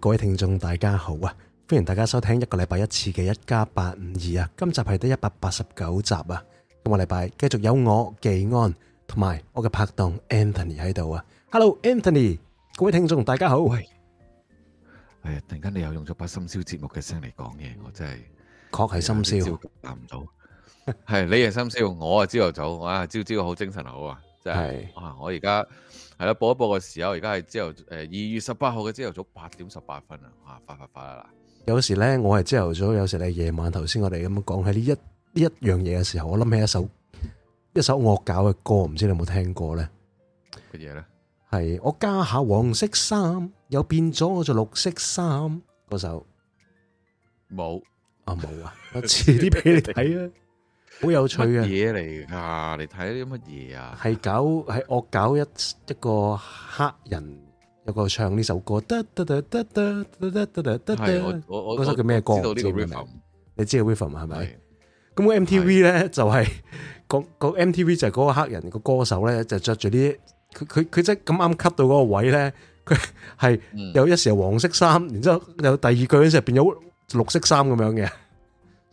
各位聽眾大家好啊，歡迎大家收聽一個禮拜一次嘅一家八五二啊，今集係第一百八十九集啊，今個禮拜繼續有我技安同埋我嘅拍檔 Anthony 喺度啊。Hello Anthony，各位聽眾大家好。哎呀，突然間你又用咗把深宵節目嘅聲嚟講嘢，我真係確係深宵諗唔到。係你係深宵，我啊朝頭早，我啊朝朝好精神好啊。就係是啊！我而家係啦，播一播嘅時候，而家係朝頭誒二月十八號嘅朝頭早八點十八分啊！啊，發發發啦！有時咧，我係朝頭早，有時咧夜晚。頭先我哋咁樣講起呢一呢一樣嘢嘅時候，我諗、呃啊、起一首一首惡搞嘅歌，唔知你有冇聽過咧？乜嘢咧，係我加下黃色衫，又變咗我着綠色衫。嗰首冇有啊冇啊！我遲啲俾你睇啊.！ 好有趣嘅嘢嚟啊！你睇啲乜嘢啊？係搞係惡搞一一個黑人，有個唱呢首歌，噠噠噠噠噠噠噠噠噠。係我我嗰首叫咩歌？知道呢個 Rhythm？你知道 Rhythm 係咪？咁個 M T V 咧就係個個 M T V 就係嗰個黑人個歌手咧就着住啲佢佢佢即係咁啱 cut 到嗰個位咧，佢係有一時係黃色衫，然之後有第二句嗰時變咗綠色衫咁樣嘅，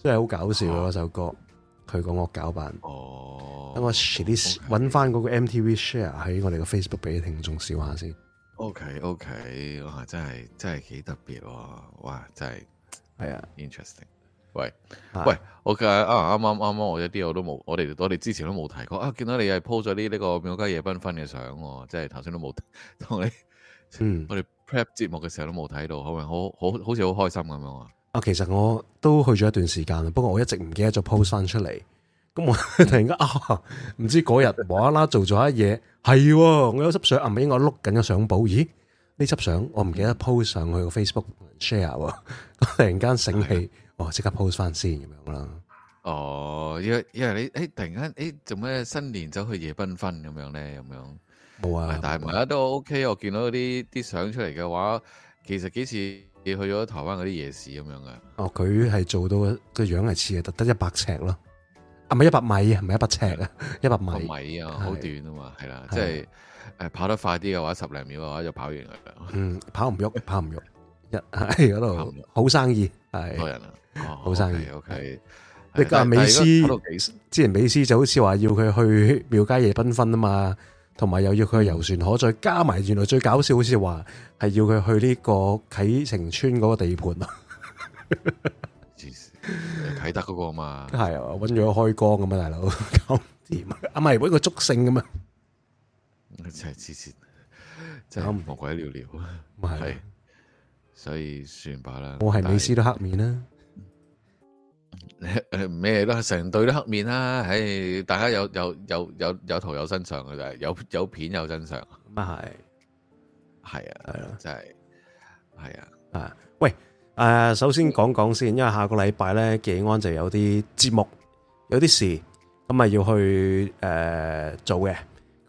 真係好搞笑嗰首歌。佢個惡搞版，等、哦、我揾翻嗰個 MTV share 喺我哋個 Facebook 俾你聽眾笑下先。OK OK，哇真係真係幾特別喎！哇真係係啊，interesting。喂是喂，OK 啊，啱啱啱啱，我一啲我都冇，我哋我哋之前都冇睇過啊。見到你又係 po 咗啲呢個《廟街夜繽紛》嘅相喎，真係頭先都冇同你，我哋 prep 節目嘅時候都冇睇到，可唔好好好似好開心咁樣啊！我其實我都去咗一段時間啦，不過我一直唔記得再 post 翻出嚟。咁我突然間啊，唔知嗰日無啦啦做咗一嘢，係我有輯相，唔係應該我碌緊個相簿？咦，呢輯相我唔記得 post 上去個 Facebook share。突然間醒起，我即刻 post 翻先咁樣啦。哦，因為因為你誒突然間誒做咩新年走去夜繽紛咁樣咧？咁樣冇啊，但係而家都 OK。我見到啲啲相出嚟嘅話，其實幾時。你去咗台灣嗰啲夜市咁樣嘅？哦，佢係做到個樣係似啊，得得一百尺咯，啊唔係一百米啊，唔係一百尺啊，一百米米啊，好短啊嘛，係啦，即係誒跑得快啲嘅話，十零秒嘅話就跑完啦。嗯，跑唔喐，跑唔喐，一度，好生意，係多人啊，好生意。O K，阿美斯之前美斯就好似話要佢去廟街夜繽紛啊嘛。同埋又要佢去遊船河，再加埋原來最搞笑的是的，好似話係要佢去呢個啟城村嗰個地盤啊！啟德嗰個嘛，係啊，搵咗開光咁啊，大佬搞掂啊，唔係搵個祝聖咁啊，一係黐線，搞唔同鬼聊了，咪係，所以算罷啦，我係美斯都黑面啦。咩 都成對都黑面啦，大家有有有有有圖有真相嘅就係有有片有真相咁啊係，係啊係咯，的的真係係啊啊！喂，誒、呃，首先講講先，因為下個禮拜咧，紀安就有啲節目，有啲事咁啊，要去誒、呃、做嘅，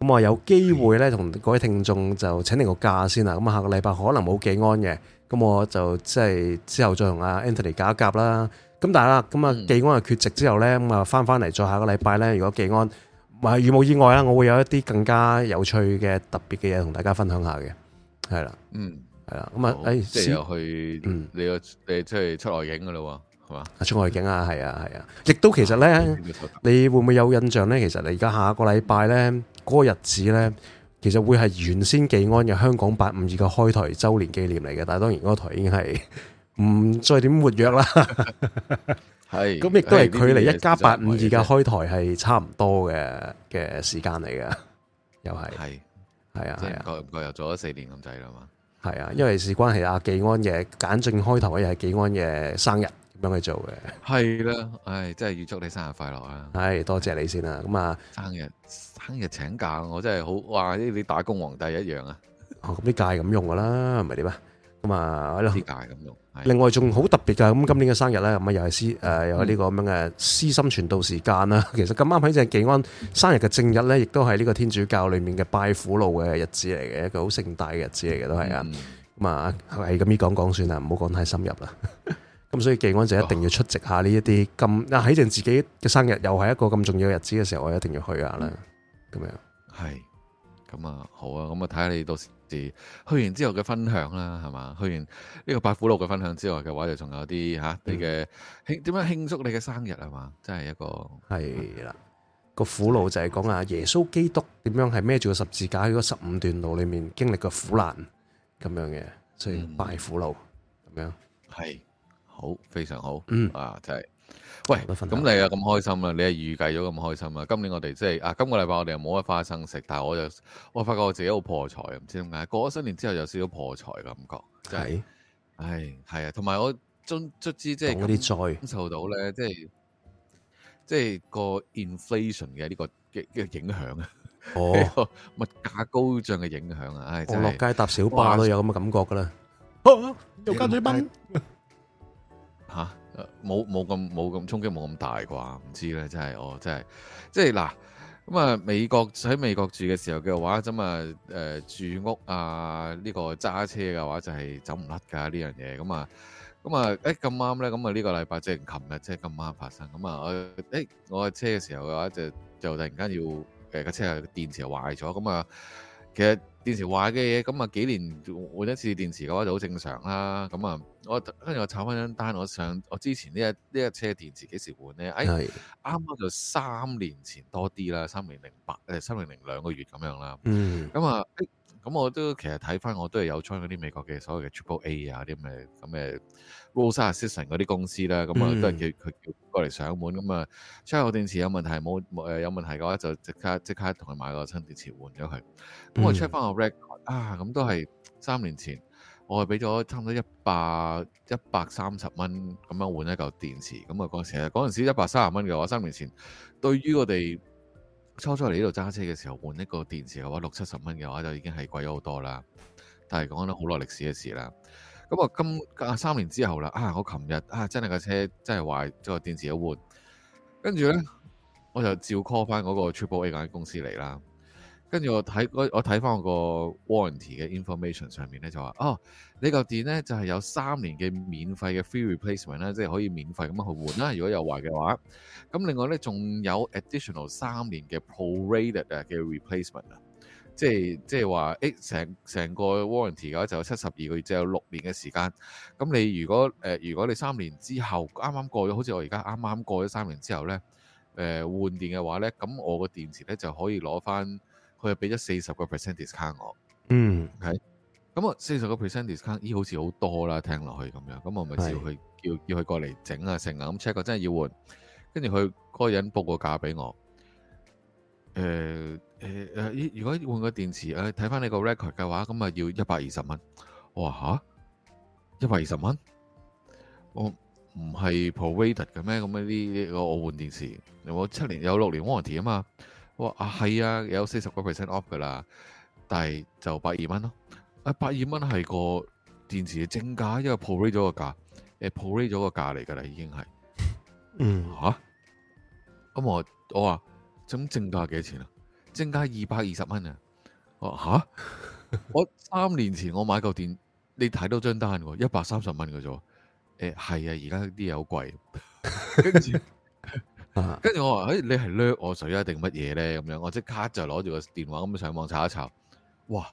咁我有機會咧同各位聽眾就請定個假先啦。咁下個禮拜可能冇紀安嘅，咁我就即係之後再同阿 Anthony 夾一夾啦。咁但係啦，咁啊，記安嘅缺席之後咧，咁啊翻翻嚟，再下個禮拜咧，如果記安唔係如冇意外啦，我會有一啲更加有趣嘅特別嘅嘢同大家分享下嘅，係啦，嗯，係啦，咁啊，誒好，即係、哎、又去，嗯、你又誒即係出外景㗎咯，係嘛，嗯吧啊，出外景啊，係啊，係啊，亦都其實咧，你會唔會有印象咧？其實你而家下個禮拜咧，嗰、那個日子咧，其實會係原先記安嘅香港八五二嘅開台周年紀念嚟嘅，但係當然嗰台已經係。唔再點活躍啦，係咁，亦都係距離一家852嘅開台係差唔多嘅嘅時間嚟嘅，又係係係啊，即係個又做咗四年咁滯啦嘛，係啊，因為事關係阿紀安嘅簡正開頭嘅又係紀安嘅生日，咁樣去做嘅，係啦，唉，真係預祝你生日快樂啊！係多謝你先啦，咁啊，生日生日請假，我真係好話呢啲打工皇帝一樣啊，哦，啲假係咁用噶啦，係咪點啊？咁啊，啲假咁用。另外仲好特別噶，咁今年嘅生日咧，咁啊又係私誒，又係呢個咁樣嘅私心傳道時間啦。其實咁啱喺正記安生日嘅正日咧，亦都係呢個天主教裏面嘅拜苦路嘅日子嚟嘅，一個好盛大嘅日子嚟嘅都係啊。咁啊、嗯，係咁依講講算啦，唔好講太深入啦。咁 所以記安就一定要出席下呢一啲咁喺正自己嘅生日又係一個咁重要嘅日子嘅時候，我一定要去下啦。咁樣係咁啊，好啊，咁我睇下你到時，去完之後嘅分享啦，係嘛？去完呢個拜苦路嘅分享之外嘅話，就仲有啲嚇，你嘅慶點樣慶祝你嘅生日係嘛？真係一個係啦，係嗰個苦路就係講啊，耶穌基督點樣係孭住個十字架喺個十五段路裡面經歷嘅苦難咁樣嘅，所以拜苦路咁樣係好非常好，嗯啊就係。喂，咁你又咁開心啊？你係預計咗咁開心啊？今年我哋即係啊，今個禮拜我哋又冇乜花生食，但係我就我發覺我自己好破財，唔知點解過咗新年之後又少咗破財嘅感覺，係、就是，唉是，係啊、哎！同埋我卒之即係嗰啲災受到咧，即係即係個 inflation 嘅呢個嘅嘅影響啊！哦， 物價高漲嘅影響啊！哎、我落街搭小巴哇都有咁嘅感覺噶啦、哦，又加嘴賓吓。冇冇咁冇咁衝擊，冇咁大啩，唔知咧。真係哦，真係即係嗱咁啊、嗯。美國喺美國住嘅時候嘅話，咁啊誒住屋啊呢，這個揸車嘅話就係走唔甩㗎呢樣嘢咁啊，咁啊誒咁啱咧，咁啊呢個禮拜即係琴日即係咁啱發生，咁啊誒我嘅車嘅時候嘅話就就突然間要誒架，呃、車嘅電池又壞咗咁啊，其實。電池壞嘅嘢，咁啊幾年換一次電池嘅話就好正常啦。咁啊，我跟住我炒翻張單，我上我之前呢一呢一車電池幾時換咧？哎，啱啱的就三年前多啲啦，三年零八誒，三年零兩個月咁樣啦。嗯，咁啊，咁我都其實睇翻，我都係有充嗰啲美國嘅所謂嘅 Triple A 啊啲咩咁嘅 Roadside Assistance 嗰啲公司啦，咁啊、嗯、都係叫佢叫過嚟上門，咁啊 check 我個電池有問題冇誒有，有、呃、有問題嘅話就，就即刻即刻同佢買個新電池換咗佢。咁我 check 翻個 record、嗯、啊，咁都係三年前，我係俾咗差唔多一百一百三十蚊咁樣換一嚿電池。咁啊嗰時一百三十蚊嘅話，三年前對於我哋，初初嚟呢度揸車嘅時候，換一個電池嘅話六七十蚊嘅話，就已經係貴咗好多啦，但係講得好耐歷史嘅事啦。咁啊，今隔三年之後啦，啊我琴日啊真係架車真係壞，即係電池一換，跟住咧我就照 call 翻嗰個 Triple A 間公司嚟啦。跟住我睇我睇翻我個 warranty 嘅 information 上面咧，就話，哦，你呢個電咧，就係有三年嘅免費嘅 free replacement 啦，即係可以免費咁樣去換啦。如果有壞嘅話，咁另外咧仲有 additional 三年嘅 pro-rated 嘅 replacement 啊，即係即係話誒成成個 warranty 嘅話就有七十二個月，即係有六年嘅時間。咁你如果、呃、如果你三年之後啱啱過咗，好似我而家啱啱過咗三年之後咧，呃、換電嘅話咧，咁我個電池咧就可以攞翻。佢又俾咗四十個 percent discount 我，嗯，咁啊四十個 percent discount，咦，好似好多啦，聽落去咁樣，咁我咪照佢，叫叫佢過嚟整啊，成啊，咁 check 過真係要換，跟住佢嗰個人報個價俾我，誒誒誒，如果換個電池，咧、呃，睇翻你個 record 嘅話，咁啊要一百二十蚊，我話嚇一百二十蚊，我唔係 provided 嘅咩？咁呢個我換電池。有冇七年有六年 warranty 啊嘛？哇，啊係啊，有四十個 percent off 噶啦，但係就百二蚊咯。2. 啊，百二蚊係個電池嘅正價，因為 proray 咗個價，誒 proray 咗個價嚟噶啦，已經係。啊、嗯。吓。咁我我話，咁正價幾多錢啊？正價二百二十蚊啊！哦，吓，我三年前我買嚿電，你睇到張單喎，一百三十蚊嘅啫。誒係啊，而家啲嘢好貴。跟住。 跟住我話，誒、哎，你係掠我水啊，定乜嘢咧？咁樣，我即刻就攞住個電話咁上網查一查，哇！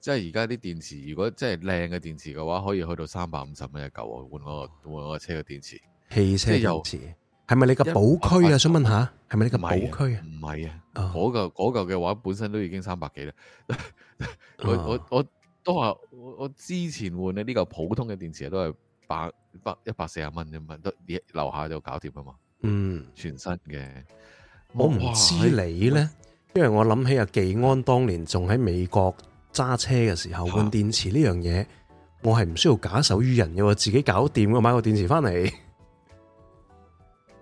即係而家啲電池，如果即係靚嘅電池嘅話，可以去到三百五十蚊一舊啊！換我換我，換我車嘅電池，汽車電池係咪你個保區啊？180. 想問下，係咪你個保區啊？唔係啊，嗰嚿嗰嚿嘅話，本身都已經三百幾啦。我我都話，我之前換嘅呢嚿普通嘅電池都係百百一百四十蚊一蚊，都樓下就搞掂啊嘛。嗯，全新嘅，我唔知你呢，因為我諗起阿、啊、技安當年仲喺美國揸車嘅時候，換、啊、電池呢樣嘢，我係唔需要假手於人嘅，自己搞掂，我買個電池翻嚟。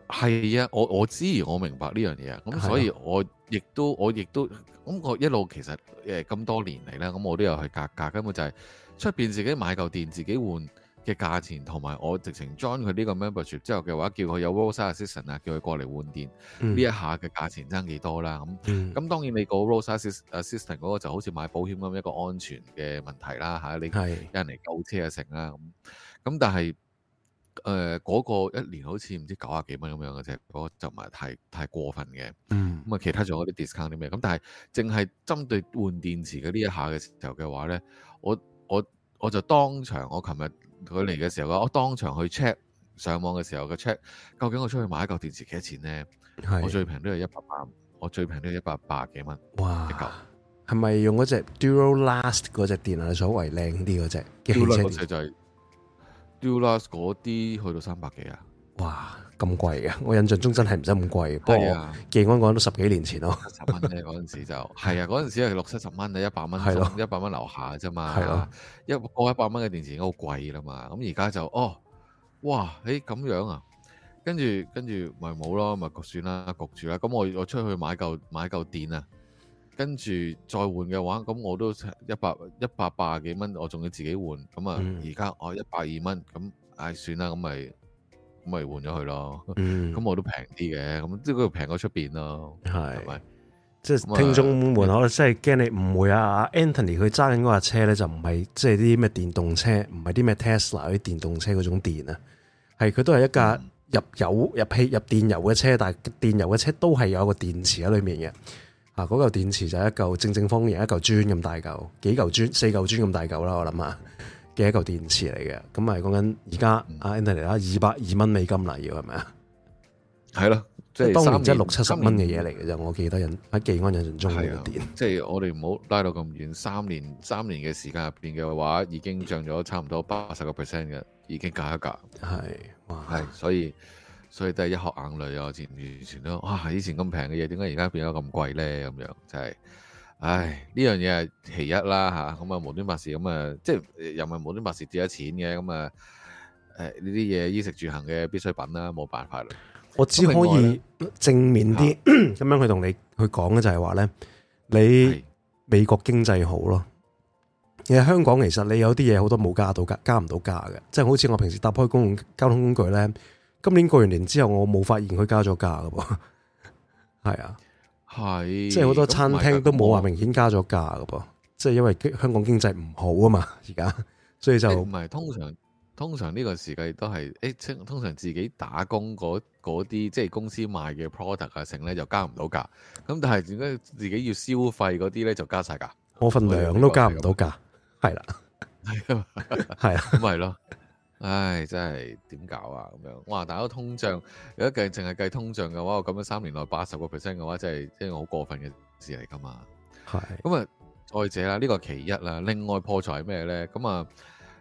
係啊，我我知我明白呢樣嘢啊，咁所以我亦都我亦都咁我一路其實誒咁、呃、多年嚟咧，咁我都有去格格，根本就係出邊自己買舊電自己換。嘅價錢同埋我直情 join 佢呢個 membership 之後嘅話，叫佢有 Rosa Assistant 啊，叫佢過嚟換電呢、嗯、一下嘅價錢爭幾多啦咁。咁、嗯、當然你個 Rosa Assistant 嗰個就好似買保險咁一,一個安全嘅問題啦嚇、啊，你有人嚟救車嘅成啦咁。咁是但係嗰、呃那個一年好似唔知九啊幾蚊咁樣嘅啫，嗰、那個、就唔係太太過分嘅。咁啊、嗯、其他仲有啲 discount 啲咩咁，但係淨係針對換電池嘅呢一下嘅時候嘅話咧，我我我就當場我琴日。佢嚟嘅時候，我當場去 check 上網嘅時候嘅 check，究竟我出去買一嚿電池幾多錢咧？是我最平都係一百萬，我最平都係一百八啊幾蚊。哇！係咪九用嗰隻 Durolast 嗰隻電啊？所謂靚啲嗰隻。Durolast 嗰啲去到三百幾啊！哇！咁貴嘅，我印象中真係唔使咁貴。不過、啊、記安講都十幾年前咯，十蚊咧嗰陣時就係 啊，嗰陣時係六七十蚊定一百蚊，一百蚊樓下嘅啫嘛。一個一百蚊嘅電池已經好貴啦嘛。咁而家就哦，哇，誒、欸、咁樣啊，跟住跟住咪冇咯，咪焗算啦，焗住啦。咁我我出去買嚿買嚿電啊，跟住再換嘅話，咁我都一百一百八幾蚊，我仲要自己換。咁啊，而家我一百二蚊，咁唉、哦、算啦，咁咪。咁咪換咗佢咯，咁、嗯、我都平啲嘅，咁是即係平咗出邊咯，係咪、嗯？即係聽眾們，我真係驚你誤會啊！Anthony 佢揸緊嗰架車咧，就唔係即係啲咩電動車，唔係啲咩 Tesla 啲電動車嗰種電啊，係佢都係一架入油、入氣、入電油嘅車，但係電油嘅車都係有個電池喺裡面嘅。啊，嗰嚿電池就一嚿正正方形，一嚿磚咁大嚿，幾嚿磚、四嚿磚咁大嚿啦，我諗下。嘅一嚿電池嚟嘅，咁咪講緊而家啊 Andy 啦，二百二蚊美金啦，要係咪啊？係咯，即係三年，當年即係六七十蚊嘅嘢嚟嘅啫。我記得人喺記安印象中嘅電，即係我哋唔好拉到咁遠，三年三年嘅時間入邊嘅話，已經漲咗差唔多八十個 percent 嘅，已經價一價係係，所以所以都係一殼眼淚啊！前完全都哇、啊，以前咁平嘅嘢，點解而家變咗咁貴咧？咁樣就係、是。唉，呢樣嘢係其一啦，吓咁啊，無端白事咁啊，即係又唔係無端白事跌咗錢嘅，咁啊，誒，呢啲嘢衣食住行嘅必需品啦，冇辦法啦。我只可以正面啲咁、啊、 樣去同你去講嘅就係話咧，你美國經濟好咯，而是香港其實你有啲嘢好多冇加到價，加唔到價嘅，即、就、係、是、好似我平時搭開公共交通工具咧，今年過完年之後，我冇發現佢加咗價噶噃，係 啊。係，是即係好多餐廳都冇話明顯加咗價噶噃，即係因為香港經濟唔好啊嘛，而家在，所以就唔係、哎、通常，通常呢個時期都係，誒、哎，通常自己打工嗰啲，即係公司賣嘅 product 啊，成咧就加唔到價，咁但係點解自己要消費嗰啲咧就加曬價？我份糧都加唔到價，係啦，係啊的，咁係咯。唉，真係點搞啊咁樣哇，但係通脹，如果計淨係計通脹嘅話，我咁樣三年內八十個 percent 嘅話，真係一樣好過分嘅事嚟㗎嘛？係是。咁啊，再者啦，呢、這個其一啦。另外破財咩咧？咁啊，誒、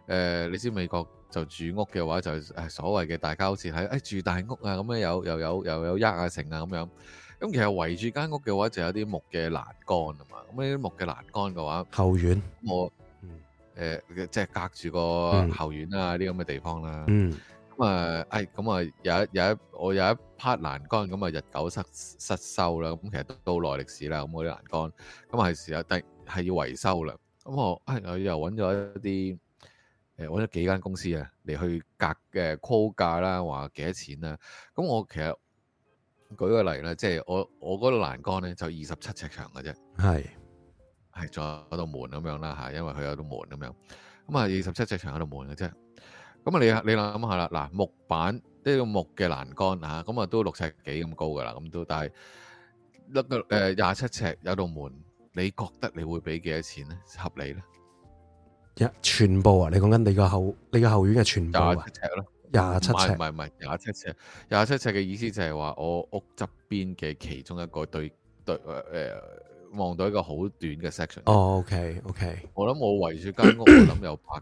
呃，你知美國就住屋嘅話就，就、哎、係所謂嘅大交涉，誒、哎、住大屋啊，咁咧有又有又有丫啊成啊咁樣。咁其實圍住間屋嘅話，話，就有啲木嘅欄杆啊嘛。咁呢啲木嘅欄杆嘅話，後院我。誒即係隔住個後院啊啲咁嘅地方啦，嗯嗯。嗯，咁啊、嗯，誒咁啊，有一有一我有一批欄杆咁啊、嗯、日久失失修啦，咁其實都好耐歷史啦，咁嗰啲欄杆，咁係時候定係要維修啦。咁、嗯嗯、我誒、嗯、又又揾咗一啲誒揾咗幾間公司啊嚟去隔誒估價啦，話、呃、幾多錢啊？咁、嗯嗯、我其實舉個例咧，即係我我嗰個欄杆咧就二十七尺長嘅啫。係。係仲有嗰道門咁樣啦，吓，因為佢有道門咁樣，咁啊二十七尺長有度門嘅啫，咁啊你你諗下啦，嗱木板呢個木嘅欄杆啊，咁啊都六尺幾咁高噶啦，咁都，但係得個誒廿七尺有道門，你覺得你會俾幾多錢咧？合理咧？一全部啊！你講緊你個後你個後院嘅全部啊？廿七尺咯，廿七尺，唔係唔係廿七尺，廿七尺嘅意思就係話我屋側邊嘅其中一個對對誒。望到一個好短嘅 section。哦，OK，OK。我諗我圍住間屋，我諗有百誒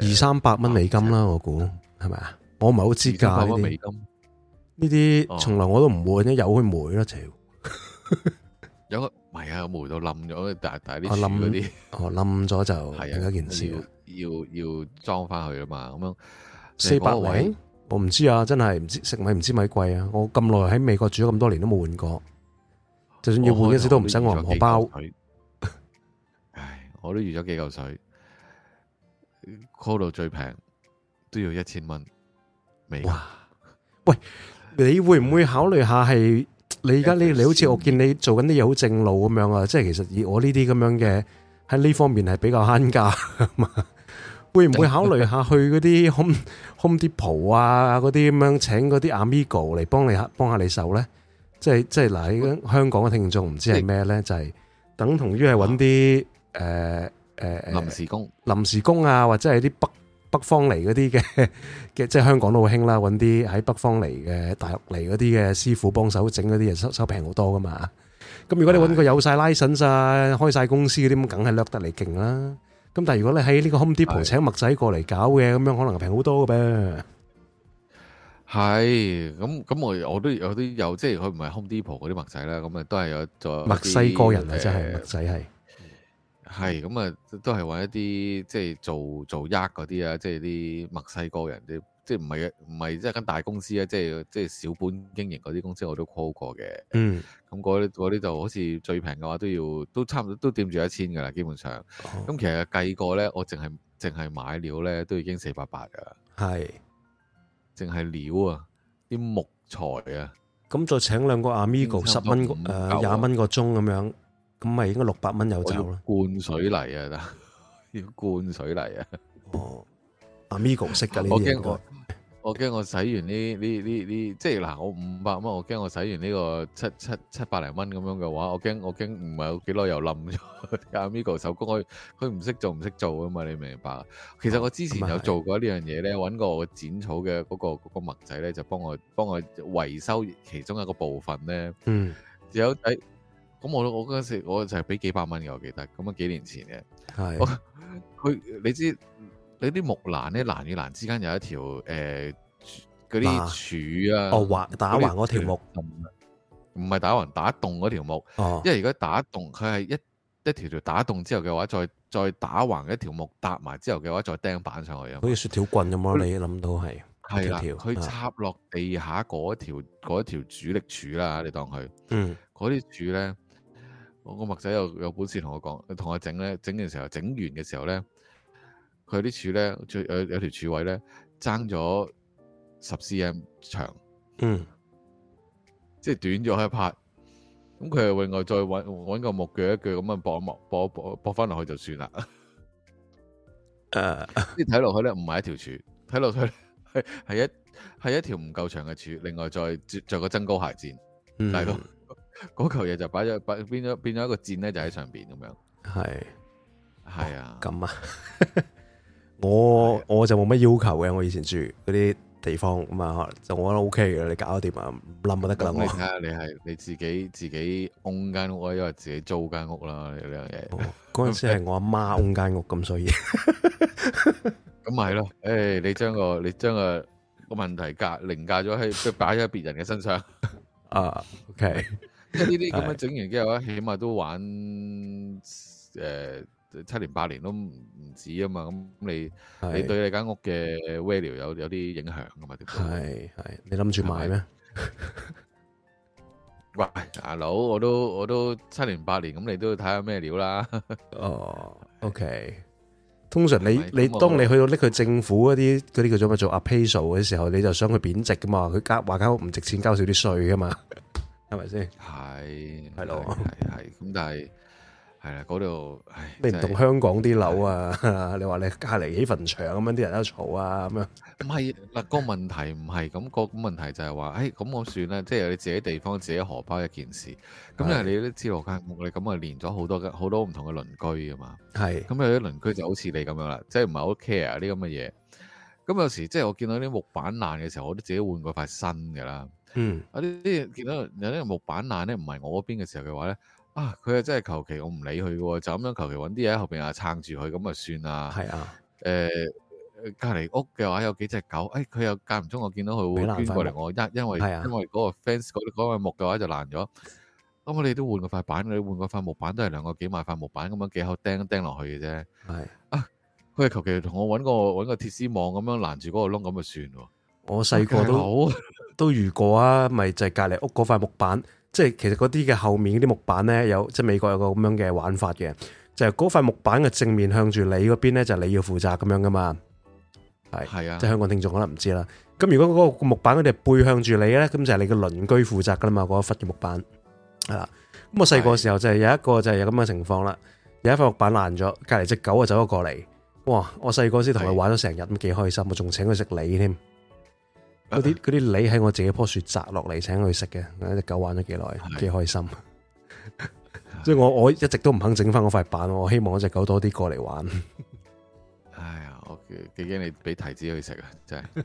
二三百蚊美金啦，我估係咪啊？我唔係好知價呢啲。二三百蚊美金，呢啲從嚟我都唔換，一有佢霉啦，屌有個唔係啊，有霉到冧咗，但但係啲我冧嗰啲，我冧咗就係一件事，要要裝翻去啊嘛。咁樣四百位，我唔知啊，真係唔知食米唔知米貴啊。我咁耐喺美國住咗咁多年，都冇換過。就算要換一次都唔使換荷包。個 唉，我都預咗幾嚿水，call 到最平都要一千蚊。哇！喂，你會唔會考慮下係、嗯、你而家你你好似我見你做緊啲嘢好正路咁樣啊？嗯、即係其實以我呢啲咁樣嘅喺呢方面係比較慳價 會唔會考慮下去嗰啲 Home Depot 啊？嗰啲咁樣請嗰啲 amigo 嚟幫你幫下你手咧？即係即係嗱，依家香港嘅聽眾唔知係咩咧，就係等同於係揾啲誒誒誒臨時工，臨時工啊，或者係啲北北方嚟嗰啲嘅嘅，即係香港都好興啦，揾啲喺北方嚟嘅大陸嚟嗰啲嘅師傅幫手整嗰啲嘢，收收平好多噶嘛。咁如果你揾個有曬 license、開曬公司嗰啲咁，梗係掠得嚟勁啦。咁但係如果你喺呢個 Home Depot 請墨仔過嚟搞嘅，咁樣可能平好多嘅噃。係咁咁，我都我都有啲、嗯、有，即係佢唔係 Home Depot 嗰啲墨仔啦，咁啊都係有做。墨西哥人啊，真係墨仔係，係咁啊，都係搵一啲即係做做 yard 嗰啲啊，即係啲墨西哥人啲，即係唔係唔係即係一間大公司啊，即係即係小本經營嗰啲公司，我都 call 過嘅。嗯，咁嗰啲啲就好似最平嘅話都要都差唔多都掂住一千噶啦，基本上。咁、嗯、其實計過咧，我淨係淨係買料咧，都已經四百八噶啦。係。淨係料啊，啲木材啊，咁、嗯、再請兩個阿 Migo 十蚊誒廿蚊個鐘咁樣，咁咪應該六百蚊有賺咯。灌水泥啊，要灌水泥啊。哦，阿 Migo 識噶呢啲嘢。 過我驚我洗完呢呢呢呢，即係嗱，我五百蚊，我驚我洗完呢個七七七百零蚊咁樣嘅話，我驚我驚唔係幾耐又冧咗。阿 m i o 手工佢佢唔識做唔識做啊嘛，你明唔明白？啊、其實我之前有做過呢樣嘢咧，是搵個剪草嘅嗰個麥仔咧，就幫我幫我維修其中一個部分咧。嗯。有咁、哎、我我嗰陣時我，我就係俾幾百蚊嘅，我記得。咁啊幾年前嘅。佢，是你知？你啲木欄咧，欄與欄之間有一條誒，嗰、呃、啲柱啊，啊哦橫打橫嗰條木，唔係打橫打洞嗰條木，哦、因為如果打洞，佢係一一條條打洞之後嘅話，再再打橫一條木搭埋之後嘅話，再釘板上去啊，好似雪條棍咁樣，你諗到係係啦，佢插落地下嗰條條主力柱啦，你當佢，嗯，嗰啲柱咧，我個麥仔又有，有本事同我講，同我整咧，整嘅時候，整完嘅時候咧。佢啲柱咧，最有有條柱位咧，爭咗十 cm 長，嗯，即係短咗一拍。咁佢係另外再搵搵個木鋸一鋸，咁啊，博一博，博一博，博翻落去就算啦。誒、uh,，即睇落去咧唔係一條柱，睇落去係係一係一條唔夠長嘅柱，另外再着再個增高鞋墊。但係、嗯，嗰嚿嘢就擺咗擺，變咗變咗一個墊咧，就喺上邊咁樣。係係是啊，咁啊樣。 我我就冇乜要求嘅，我以前住嗰啲地方咁啊，就我覺得 OK 嘅，你搞掂啊，冧就得噶啦。你睇下，你係你自己自己空間屋，因為自己租間屋啦呢樣嘢。嗰陣時係我阿媽空間屋，咁所以咁咪係咯。誒，你將個你將個個問題嫁凌駕咗喺，即係擺咗喺別人嘅身上 啊。OK，即係呢啲咁樣整完之後咧，起碼都玩誒。呃七年八年都唔止啊嘛，咁你你對你間屋嘅 value 有有啲影響噶嘛？係係，你諗住買咩？喂，阿佬，我都我都七年八年，咁你都要睇下咩料啦。哦，OK。通常你你當你去到拎佢政府嗰啲嗰啲叫做咩做 appraisal 嘅時候，你就想佢貶值噶嘛？佢交話間屋唔值錢，交少啲稅噶嘛？係咪先？係係咯，係係咁，但係。係啦，嗰度，你唔同香港啲樓啊，的你話你隔籬起墳場咁樣，啲人喺度嘈啊，咁樣。唔係嗱，個問題唔係咁，個咁問題就係話，誒、哎，咁我算啦，即係有你自己地方自己荷包一件事。咁你都知道間屋，你咁啊連咗好多好多唔同嘅鄰居㗎嘛。係的。咁有啲鄰居就好似你咁樣啦，即係唔係好 care 啲咁嘅嘢。咁有時即係我見到啲木板爛嘅時候，我都自己換過塊新嘅啦。嗯。我啲見到有啲木板爛咧，唔係我嗰邊嘅時候嘅話咧。啊！佢又真係求其，我唔理佢嘅，就咁樣求其揾啲嘢喺後邊啊撐住佢，咁啊算啦。係啊，誒，隔籬屋嘅話有幾隻狗，誒，佢又間唔中我見到佢會捐過嚟我，因因為因為嗰個 fans 嗰嗰個木嘅話就爛咗，咁我哋都換過塊板，你換過塊木板都係兩個幾萬塊木板咁樣幾口釘釘落去嘅啫。係啊，佢又求其同我揾個揾個鐵絲網咁樣攔住嗰個窿，咁就算。我細個都都遇過啊，咪就係隔籬屋嗰塊木板。即係其實嗰啲嘅後面嗰啲木板咧，有即係美國有個咁樣嘅玩法嘅，就係嗰塊木板嘅正面向住你嗰邊咧，就係你要負責咁樣噶嘛。係係是啊，即係香港聽眾可能唔知啦。咁如果嗰個木板佢哋背向住你咧，咁就係你嘅鄰居負責噶啦嘛。嗰一忽嘅木板係啦。咁我細個時候就係有一個就係有咁嘅情況啦。是啊、有一塊木板爛咗，隔籬隻狗就走咗過嚟。哇！我細個時同佢玩咗成日，咁幾是、啊、開心，我仲請佢食梨添。嗰啲嗰啲梨喺我自己棵樹摘落嚟請佢食嘅，嗰隻狗玩咗幾耐，幾的開心。即係的 我我一直都唔肯整翻嗰塊板，我希望隻狗多啲過嚟玩。哎 呀，我幾驚你俾提子佢食啊！真係，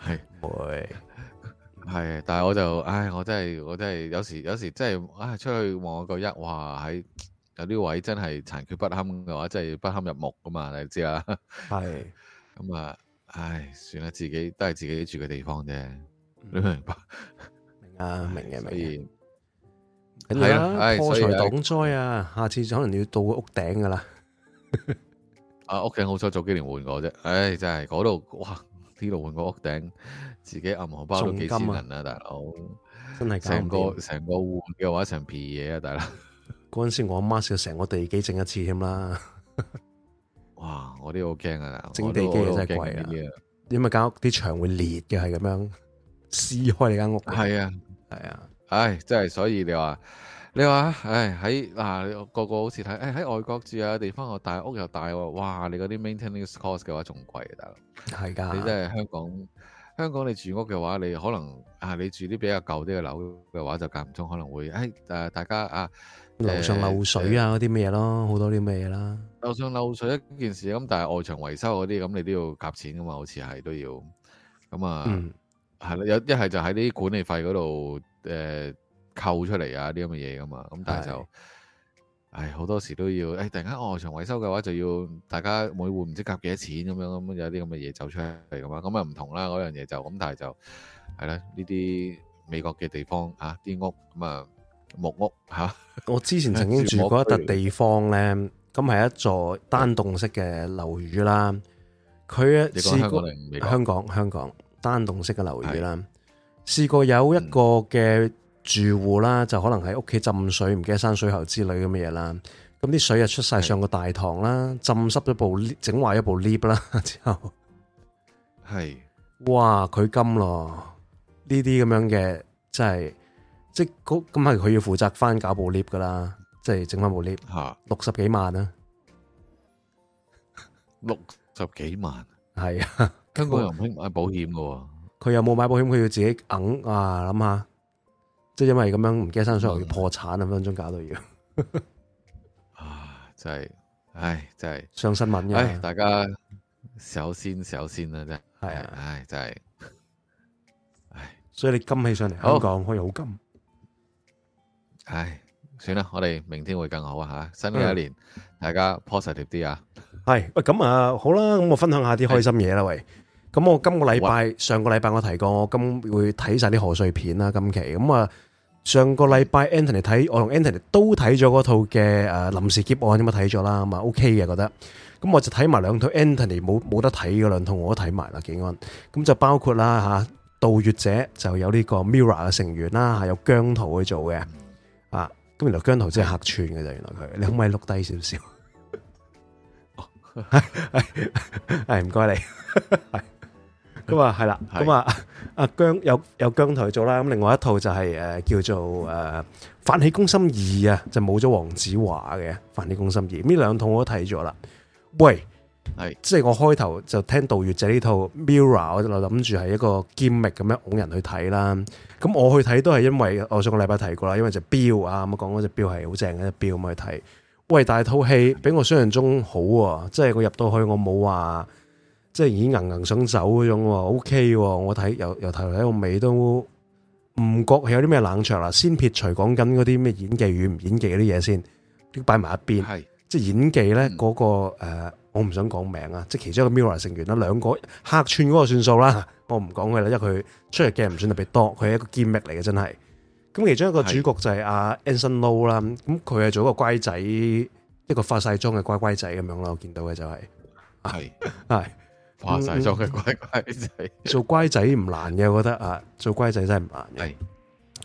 係會，係。但係我就，唉，我真係我真係有時有時真係，哎，出去望個一，哇，喺有啲位真係殘缺不堪嘅話，真係不堪入目噶嘛，你知啊？係的。咁啊。 唉，算啦，自己都係自己住嘅地方啫，嗯、你明白？明啊，明嘅明。係啦，唉，所以破財擋災啊，以下次就可能要到屋頂噶啦。 啊，屋頂好彩早幾年換過啫，唉、哎，真係嗰度，哇，呢度換個屋頂，自己暗荷包都幾千銀啦，大佬。真係搞唔掂。成個成個換嘅話，成皮嘢啊，大佬。嗰陣 時我阿媽笑成個地基整一次添啦。 哇！我啲好驚啊，整地基真係貴啊！點解，間屋啲牆會裂嘅？係咁樣撕開你間屋的。係啊，係啊，唉，真係所以你話，你話唉喺嗱、啊、個個好似睇唉喺外國住啊地方又大屋又大喎，哇！你嗰啲 maintaining cost 嘅話仲貴啊大佬，係噶的，你真係香港香港你住屋嘅話，你可能啊你住啲比較舊啲嘅樓嘅話，就間唔中可能會唉誒、啊、大家啊。樓上漏水啊嗰啲咩嘢咯，好、呃、多啲咩嘢啦。樓上漏水一件事咁，但係外牆維修嗰啲咁，那你都要夾錢噶嘛？好似係都要咁啊，係啦、嗯，有一係就喺啲管理費嗰度誒扣出嚟啊啲咁嘅嘢噶嘛。咁但係就是唉很，唉，好多時都要誒，突然間外牆維修嘅話就要大家每戶唔知夾幾多錢咁樣咁，樣有啲咁嘅嘢走出嚟噶嘛。咁啊唔同啦，嗰樣嘢就咁，但係就係啦，呢啲美國嘅地方啊，啲屋咁啊。木屋吓，我之前曾經住過一笪地方咧，咁係一座單棟式嘅樓宇啦。佢試過香港香港，香港單棟式嘅樓宇啦，是的 試過有一個嘅住戶啦，嗯、就可能喺屋企浸水，唔記得山水喉之類咁嘅嘢啦。咁啲水又出晒上個大堂啦，是的 浸濕咗部整壞一部 lift 啦，之後係是的 哇，佢金咯呢啲咁樣嘅真係。即係嗰咁係佢要負責翻搞部 lift 噶啦，即係整翻部 lift，六十幾萬啊，六十幾萬係啊，根本又唔興買保險噶、啊，佢有冇買保險？佢要自己硬啊諗下，即係因為咁樣唔驚生疏，嗯、要破產啊，一分鐘搞到要 啊，真係，唉，真係上新聞嘅，大家首先首先啦，真係，係啊唉，唉，真係，唉，所以你金起上嚟香港好可以好金。唉，算啦，我哋明天會更好啊！吓，新嘅一年，Yeah. 大家 positive 啲啊。係喂，咁啊，好啦，咁我分享下啲開心嘢啦，是喂。咁我今個禮拜上個禮拜我提過，我今會睇晒啲賀歲片啦。今期咁啊，上個禮拜 Antony 睇，我同 Antony 都睇咗嗰套嘅誒臨時劫案，咁啊睇咗啦，咁啊 OK 嘅，覺得咁我就睇埋兩套 Antony 冇冇得睇嗰兩套我都睇埋啦，警安咁就包括啦吓，盜月者就有呢個 Mirror 嘅成員啦、啊，有姜濤去做嘅。 啊！咁原來姜濤真係客串嘅啫，原來佢，你可唔可以碌低少少？哦，係係唔該你，係咁啊，係啦，咁啊，阿姜有有姜濤做啦，咁另外一套就係誒叫做誒《飯氣攻心二》啊，就冇咗黃子華嘅《飯氣攻心二》，呢兩套我都睇咗啦。喂！係是即係我開頭就聽盜月者呢套《Mirror》，我就諗住係一個揭力咁樣哄人去睇啦。咁我去睇都係因為我上個禮拜提過啦，因為隻表啊咁講嗰隻表係好正嘅隻表咁去睇。喂，但套戲俾我想象中好喎、啊，即係我入到去我冇話即係已經硬硬想走嗰種。O、OK、K，、啊、我睇由由頭睇到,到尾都唔覺有啲咩冷場啦先撇除講緊嗰啲咩演技與唔演技嗰啲嘢先，擺擺埋一邊。係是即係演技咧，嗰、嗯那個誒。呃我唔想講名啊，即係其中一個 Mirror 成員啦，兩個客串嗰個算數啦，我唔講佢啦，因為佢出嚟嘅鏡唔算特別多，佢係一個兼力嚟嘅，真係。咁其中一個主角就係阿 Anson Lo 啦的，咁佢係做一個乖仔，一個化晒妝嘅乖乖仔咁樣啦，我見到嘅就係，係係化晒妝嘅乖乖仔、嗯，做乖仔唔難嘅，我覺得啊，做乖仔真係唔難嘅。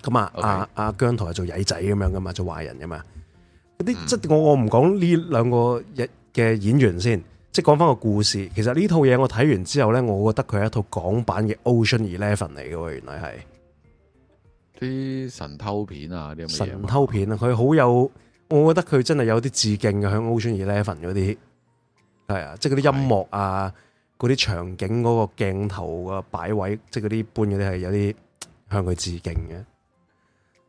咁啊，阿阿姜濤做曳仔咁樣噶嘛，做壞人噶嘛，嗰啲即我我唔講呢兩個嘅演員先，即係講翻個故事。其實呢套嘢我睇完之後咧，我覺得佢係一套港版嘅 Ocean Eleven 嚟嘅喎，原來係啲神偷片啊，啲咁嘅神偷片啊，佢好有，有，我覺得佢真係有啲致敬嘅，向 Ocean Eleven 嗰啲係啊，即係嗰啲音樂啊，嗰啲是場景嗰個鏡頭啊，擺位，即係嗰啲搬嗰啲係有啲向佢致敬嘅。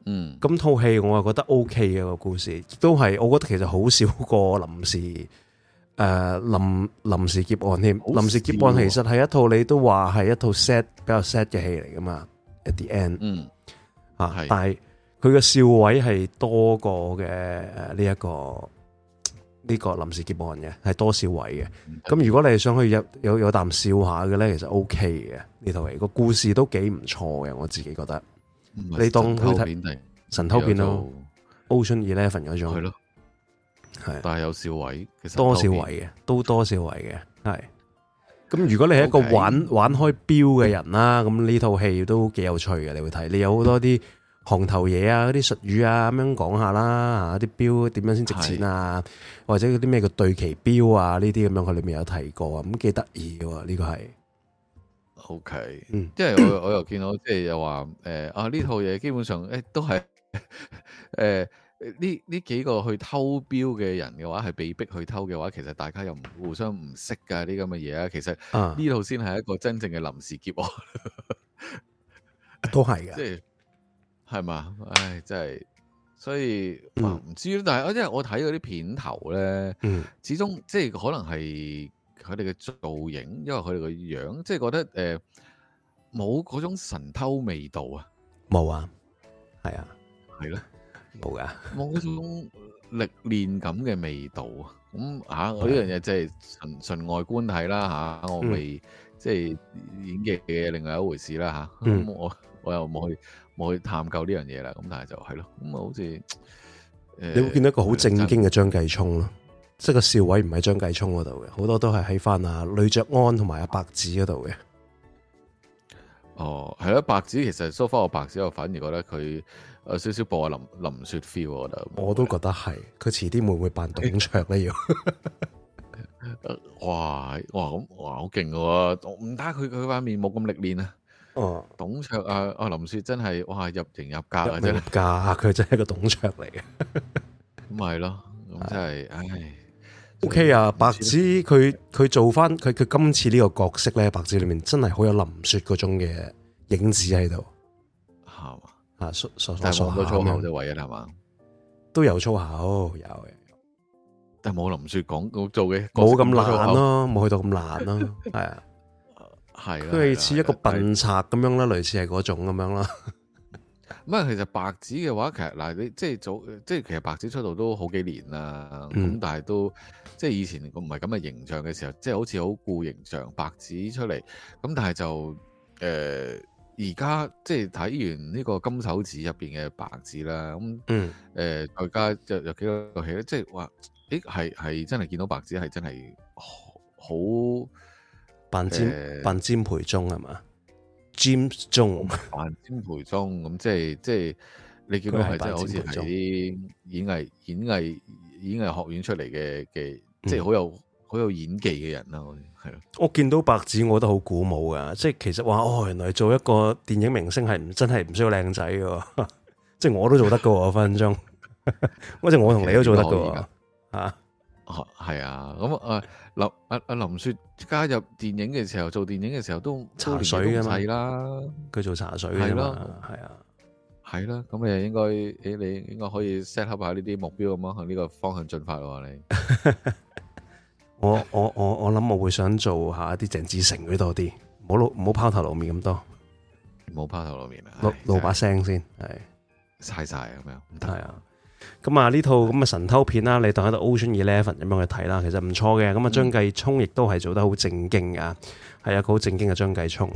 嗯，咁套戲我係覺得 OK 嘅，個故事，亦都係我覺得其實好少過臨時。誒，臨臨時劫案添，臨時劫案其實係一套你都話係一套 sad 比較 sad 嘅戲嚟噶嘛？At the end，嗯，啊，但係佢嘅笑位係多過嘅誒呢一個呢個臨時劫案嘅係多笑位嘅。咁如果你係想去有有有啖笑下嘅咧，其實 OK 嘅呢套戲個故事都幾唔錯嘅，我自己覺得。你當去睇神偷片定 Ocean Eleven 嗰種？係，是但係有少位，其實多少位嘅，都多少位嘅，係。咁是如果你係一個玩 okay, 玩開表嘅人啦，咁呢套戲都幾有趣嘅，你會睇。你有好多啲行頭嘢啊，嗰啲術語啊，咁樣講下啦，啊啲表點樣先值錢啊，是或者嗰啲咩叫對期表啊，呢啲咁樣佢裏面有提過，咁幾得意嘅呢個係。O okay , K，、嗯、即係我 我又見到，即係又話，誒、呃，啊，呢套嘢基本上誒、欸、都係，誒、呃。呢呢幾個去偷標嘅人嘅話，係被逼去偷嘅話，其實大家又唔互相唔識噶啲咁嘅嘢啊。其實呢度先係一個真正嘅臨時劫案， 都係嘅，即係係嘛？唉，真係，所以唔知、嗯、但係因為我睇嗰啲片頭咧，嗯、始終即係可能係佢哋嘅造影，因為佢哋個樣，即係覺得誒冇嗰種神偷味道啊，冇啊，係啊，係咯。冇噶，冇嗰種歷練咁嘅味道 啊！咁吓，我呢樣嘢即係純純外觀睇啦吓，我未、嗯、即係演技嘅另外一回事啦吓。咁、啊嗯、我我又冇去冇去探究呢樣嘢啦。咁但係就係咯，咁啊好似、呃、你會見到一個好正經嘅張繼聰咯，即係個笑位唔喺張繼聰嗰度嘅，好多都係喺翻啊，呂爵安同埋阿白子嗰度嘅。哦，係咯，白子其實收、so、翻我白子，我反而覺得佢。有少少播阿林林雪 feel，我覺得我都覺得係，佢遲啲會唔會扮董卓咧？要 哇，哇咁哇好勁嘅喎，唔得佢佢塊面冇咁歷練啊，啊哦、董卓啊，阿林雪真係哇入型入格啊！啫，格，佢真係個董卓嚟嘅，咁咪咯，咁真係，是唉，OK 啊，白芝佢佢做翻佢佢今次呢個角色咧，白芝裏面真係好有林雪嗰種嘅影子喺度。嗯嗯。啊，熟熟熟熟都粗口嘅位啊，係嘛吧？都有粗口，有，但係冇林雪講，我做嘅冇咁爛咯，冇、啊、去到咁爛咯，係啊，係佢係似一個笨賊咁樣啦，是類似係嗰種咁樣啦。唔係，其實白紙嘅話，其實嗱，你即係早，即係其實白紙出道都好幾年啦，咁、嗯、但係都即係以前唔係咁嘅形象嘅時候，即係好似好顧形象，白紙出嚟，咁但係就誒。呃而家即係睇完呢個金手指入邊嘅白紙啦，咁誒而家有有幾多個戲咧？即係話，誒係係真係見到白紙係真係好，好扮尖、呃、扮尖培宗係嘛？James 宗扮尖培宗咁即係即係你見到係真係好似係啲演藝演藝演藝學院出嚟嘅嘅，即係好、嗯、有好有演技嘅人啦。我見到白紙，我覺得好鼓舞噶，即係其實話哦，原來做一個電影明星係唔真係唔需要靚仔噶，即係我都做得噶，分分鐘，嗰陣我同你都做得噶，啊，係啊，咁啊林啊啊林雪加入電影嘅時候，做電影嘅時候都茶水噶嘛，佢做茶水噶嘛，係啊，係啦，啊，咁，啊、你應該誒，你應該可以 set up 下呢啲目標咁樣向呢個方向進發咯，啊，你。 我我我我諗我會想做下啲鄭志誠嗰啲多啲，唔好唔好拋頭露面咁多，唔好拋頭露面啊，露把聲先係晒晒咁樣，係啊，咁啊呢套咁嘅神偷片啦，的你當喺度 Ocean Eleven 咁樣去睇啦，其實唔錯嘅，咁啊張繼聰亦都係做得好正經啊，係啊，個好正經嘅張繼聰，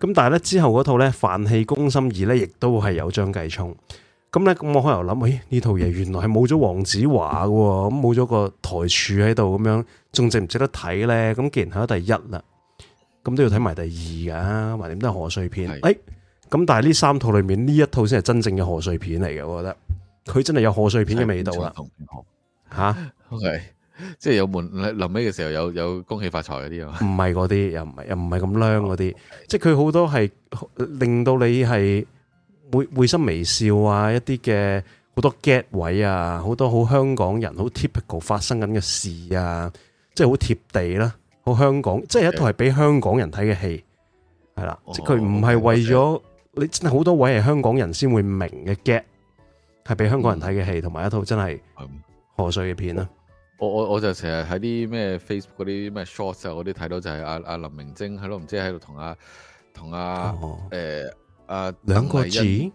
咁但係咧之後嗰套咧《飯氣攻心二》咧，亦都係有張繼聰，咁咧咁我開頭諗，咦呢套嘢，原來係冇咗黃子華嘅，咁冇咗個台柱喺度咁樣。仲值唔值得睇咧？咁既然睇咗第一啦，咁都要睇埋第二噶，埋點都係賀歲片。哎，咁但係呢三套裏面呢一套先係真正嘅賀歲片嚟嘅，我覺得佢真係有賀歲片嘅味道啦。吓，OK，即係有門臨尾嘅時候有有恭喜發財嗰啲啊？唔係嗰啲，又唔係又唔係咁靚嗰啲，即係佢好多係令到你係會會心微笑啊！一啲嘅好多 get 位啊，好多好香港人好 typical 發生緊嘅事啊！即係好貼地啦，好香港，即係一套係俾香港人睇嘅戲，係啦 Yeah.，即係佢唔係為咗、oh, okay. 你真係好多位係香港人先會明嘅 get，係俾香港人睇嘅戲，同埋一套真係賀歲嘅片啦、um,。我我我就成日喺啲咩 Facebook 嗰啲咩 short 啊嗰啲睇到就係阿阿林明晶係咯，唔知喺度同阿同阿誒阿兩個字係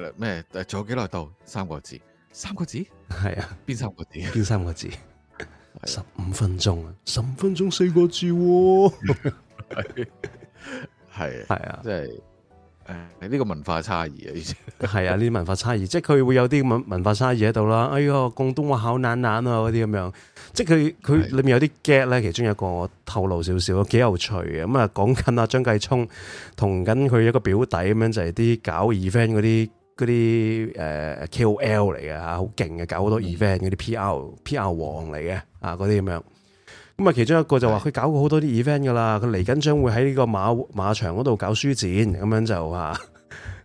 啦咩？仲、嗯、有幾耐到三個字？三個字係啊？邊的三個字？邊三個字？ 十五分鐘啊！十五分鐘四個字，哦，係係 是啊，即係誒，呢，uh, 個文化差異啊，係 啊，呢啲文化差異，即係佢會有啲文文化差異喺度啦。哎呀，廣東話考難難啊，嗰啲咁樣，即係佢佢裏面有啲 get 咧，其中一個我透露少少啊，幾有趣嘅。咁，嗯，啊，講緊阿張繼聰同緊佢一個表弟咁樣，就係、是、啲搞 event 嗰啲。嗰啲誒 KOL 嚟嘅嚇，好勁嘅，搞好多 event 嗰啲 PR PR 王嚟嘅啊，嗰啲咁樣。咁啊，其中一個就話佢搞過好多啲、e、event 噶啦，佢嚟緊將會喺呢個馬馬場嗰度搞書展，咁樣就嚇，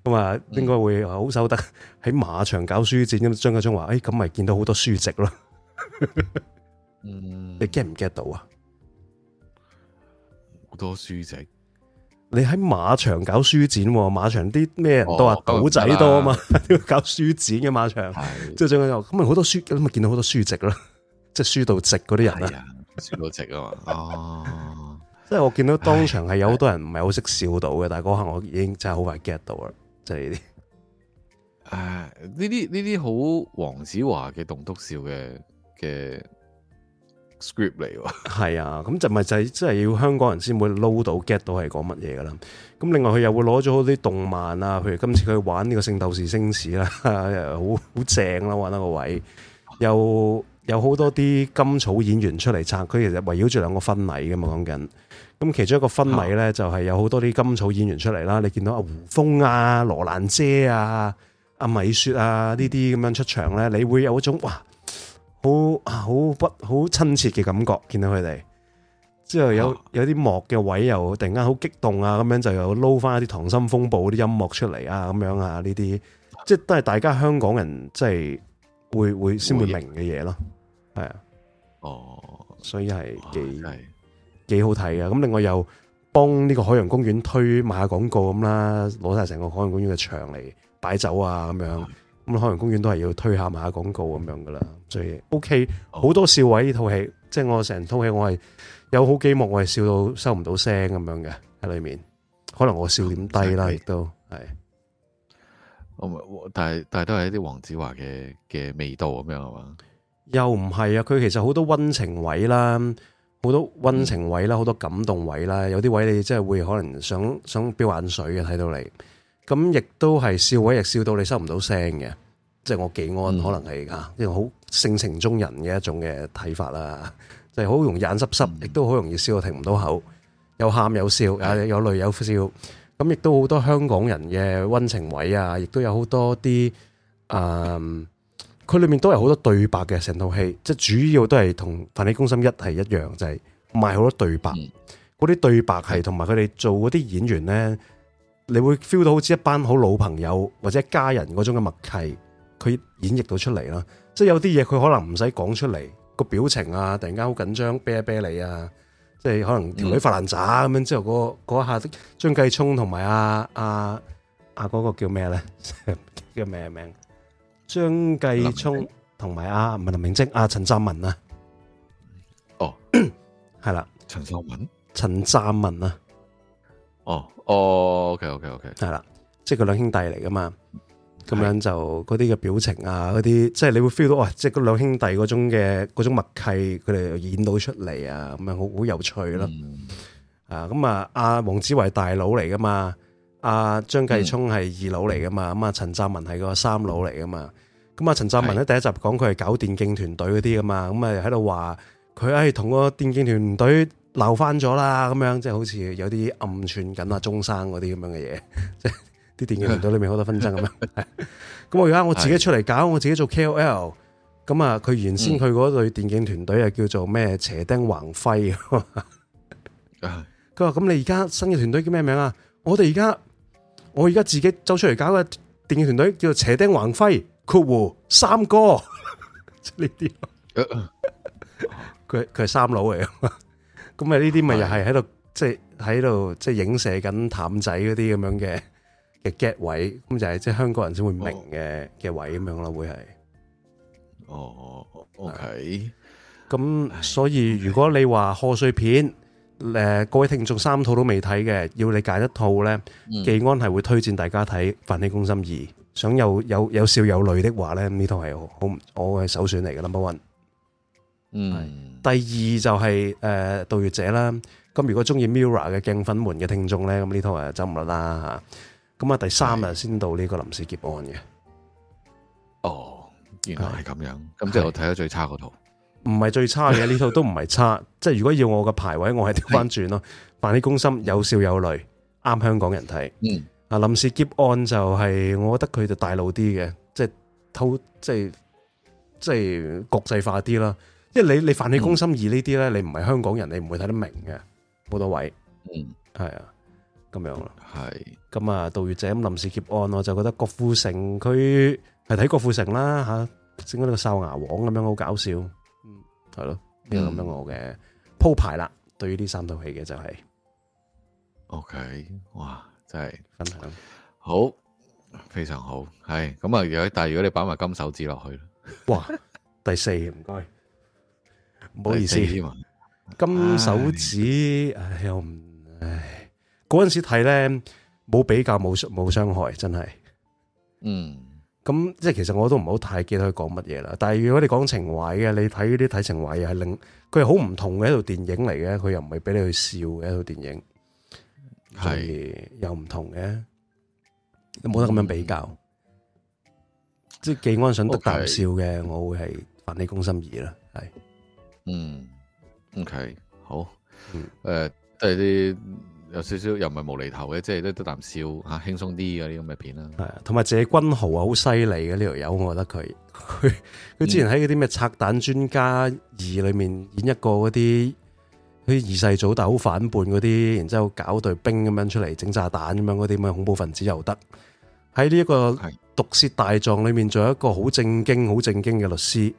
咁 啊應該會好守得喺馬場搞書展，咁張家聰話：，哎，咁咪見到好多書籍咯。 嗯、你 get 唔 get 到啊？好多書籍。你喺馬場搞書展，啊，馬場啲咩人都話賭仔多啊嘛，哦、啊 搞書展嘅、啊、馬場，即係仲有咁咪好多書咁咪見到好多書籍囉，即、就、係、是、書到直嗰啲人啦、啊哎，書到直啊嘛， 哦，即係我見到當場係有好多人唔係好識笑到嘅，哎、呀但係嗰刻我已經真係好快 get 到啦，即係呢啲，誒、啊，呢啲呢啲好黃子華嘅棟篤笑嘅嘅。script 嚟喎，係啊，咁就咪就係，即係要香港人先會撈到 get 到係講乜嘢噶啦。咁另外佢又會攞咗好啲動漫啊，譬如今次佢玩呢個《聖鬥士星矢》啦，好好正啦，玩得個位，很個位，又有好多啲甘草演員出嚟撐。佢其實圍繞住兩個婚禮噶嘛，講緊。咁其中一個婚禮咧，就係有好多啲甘草演員出嚟啦。你見到阿胡楓啊、羅蘭姐啊、阿米雪啊呢啲咁樣出場咧，你會有一種哇～好好不好親切嘅感覺，見到佢哋之後有有啲幕嘅位又突然間好激動啊，咁樣就有撈翻一啲溏心風暴啲音樂出嚟啊，咁樣啊呢啲，即係都係大家香港人即係會會先會明嘅嘢咯，係啊的，的哦，所以係幾幾、哦、好睇嘅，咁另外又幫呢個海洋公園推賣下廣告咁啦，攞晒成個海洋公園嘅場嚟擺酒啊，咁樣。海洋公園都係要推下下廣告咁樣噶啦，所以 OK 好、哦、多笑位呢套戲，即、就、係、是、我成套戲我係有好幾幕我係笑到收唔到聲咁樣嘅喺裏面，可能我笑點低啦，亦都係。但係但係都係一啲黃子華嘅嘅味道咁樣係嘛？又唔係啊？佢其實好多温情位啦，好多温情位啦，好、嗯、多感動位啦，有啲位你真係會可能想想飆眼水嘅睇到你，咁亦都係笑位，亦笑到你收唔到聲嘅。即係我幾安，可能係嚇，呢係好性情中人嘅一種嘅睇法啦。就係好容易眼濕濕，亦都好容易笑到停唔到口，有喊有笑，啊有淚有笑。咁亦都好多香港人嘅溫情位啊，亦、嗯、都有好多啲啊，佢裏面都係好多對白嘅成套戲，即係主要都係同《飯氣攻心一》係一樣，就係、是、賣好多對白。嗰啲、嗯、對白係同埋佢哋做嗰啲演員咧，你會 feel 到好似一班好老朋友或者家人嗰種嘅默契。佢演繹到出嚟啦，即係有啲嘢佢可能唔使講出嚟，個表情啊，突然間好緊張，啤一啤你啊，即係可能條女發爛渣咁樣之後、啊，嗰個下，張繼聰同埋阿阿阿嗰個叫咩咧？ 叫咩名？張繼聰同埋阿文係林明晶，阿陳湛文啊。哦，係啦、啊，陳湛、啊 oh. 文，陳湛文啊。哦，哦，OK，OK，OK，係啦，即係佢兩兄弟嚟噶嘛。咁樣就嗰啲嘅表情啊，嗰啲即係你會 feel 到哇！即係嗰兩兄弟嗰種嘅嗰種默契，佢哋演到出嚟啊，咁樣好好有趣咯、嗯啊。啊，咁啊，阿黃子華大佬嚟噶嘛，阿張繼聰係二佬嚟噶嘛，咁、嗯、啊陳湛文係個三佬嚟噶嘛。咁啊陳湛文咧，第一集講佢係搞電競團隊嗰啲噶嘛，咁啊喺度話佢誒同個電競團隊鬧翻咗啦，咁樣即係好似有啲暗算緊阿鐘生嗰啲咁樣嘅嘢，即係 啲電競團隊裏面好多紛爭咁樣，咁我而家我自己出嚟搞，我自己做 KOL，咁啊的，佢原先佢嗰隊電競團隊啊叫做咩斜丁橫揮，佢話咁你而家新嘅團隊叫咩名啊？我哋而家我而家自己走出嚟搞嘅電競團隊叫做斜丁橫揮，括弧三哥，呢啲佢佢係三佬嚟啊嘛，咁啊呢啲咪又係喺度即係喺度即係影射緊淡仔嗰啲咁樣嘅。嘅 get 位咁就係即係香港人先會明嘅嘅位咁樣咯，會係，哦，OK，咁所以如果你話賀歲片，誒，各位聽眾三套都未睇嘅，要你揀一套咧，記安係會推薦大家睇《飯氣攻心二》，想有有有笑有淚的話咧，呢套係好我係首選嚟嘅 number one。嗯，第二就係誒《盜月者》啦，咁如果中意 Mirror 嘅鏡粉們嘅聽眾咧，咁呢套係走唔甩啦吓。咁啊，第三日先到呢個臨時劫案嘅。哦，原來係咁樣。咁即係我睇得最差嗰套，唔係最差嘅呢套都唔係差。即係如果要我嘅排位，我係調翻轉咯。《飯氣攻心》有笑有淚，啱香港人睇。嗯。啊，《臨時劫案》就係我覺得佢就大路啲嘅，即係偷，即係即係國際化啲啦。即係你你《飯氣攻心二》呢啲咧，你唔係香港人，你唔會睇得明嘅。好多位。嗯。係啊。咁樣咯，係咁啊！盜月者咁臨時劫案咯，我就覺得郭富城佢係睇郭富城啦吓，整嗰個哨牙王咁樣好搞笑，嗯，係咯，呢個咁樣我嘅鋪排啦。對於呢三套戲嘅就係，OK，哇，真係分享好，非常好，係咁啊！如果但係如果你擺埋金手指落去，哇，第四唔該，唔好意思，金手指唉又唔唉。嗰陣時睇咧，冇比較，冇傷，冇傷害，真係，嗯，咁即係其實我都唔好太記得佢講乜嘢啦。但係如果你講情懷嘅，你睇呢啲睇情懷又係另佢係好唔同嘅一套電影嚟嘅，佢又唔係俾你去笑嘅一套電影，係又唔同嘅，你冇得咁樣比較。即係紀安想得啖笑嘅，我會係《飯氣攻心2》啦，係，嗯，OK，好，誒，即係啲。有少少又唔係無厘頭嘅，即係都得啖笑嚇，輕鬆啲嗰啲咁嘅片啦。係同埋謝君豪啊，好犀利嘅呢條友，我覺得佢佢佢之前喺嗰啲咩《拆彈專家二》裏面演一個嗰啲佢二世祖，但好反叛嗰啲，然之後搞隊兵咁樣出嚟整炸彈咁樣嗰啲咁嘅恐怖分子又得。喺呢一個毒舌大狀裏面，仲有一個好正經、好的正經嘅律師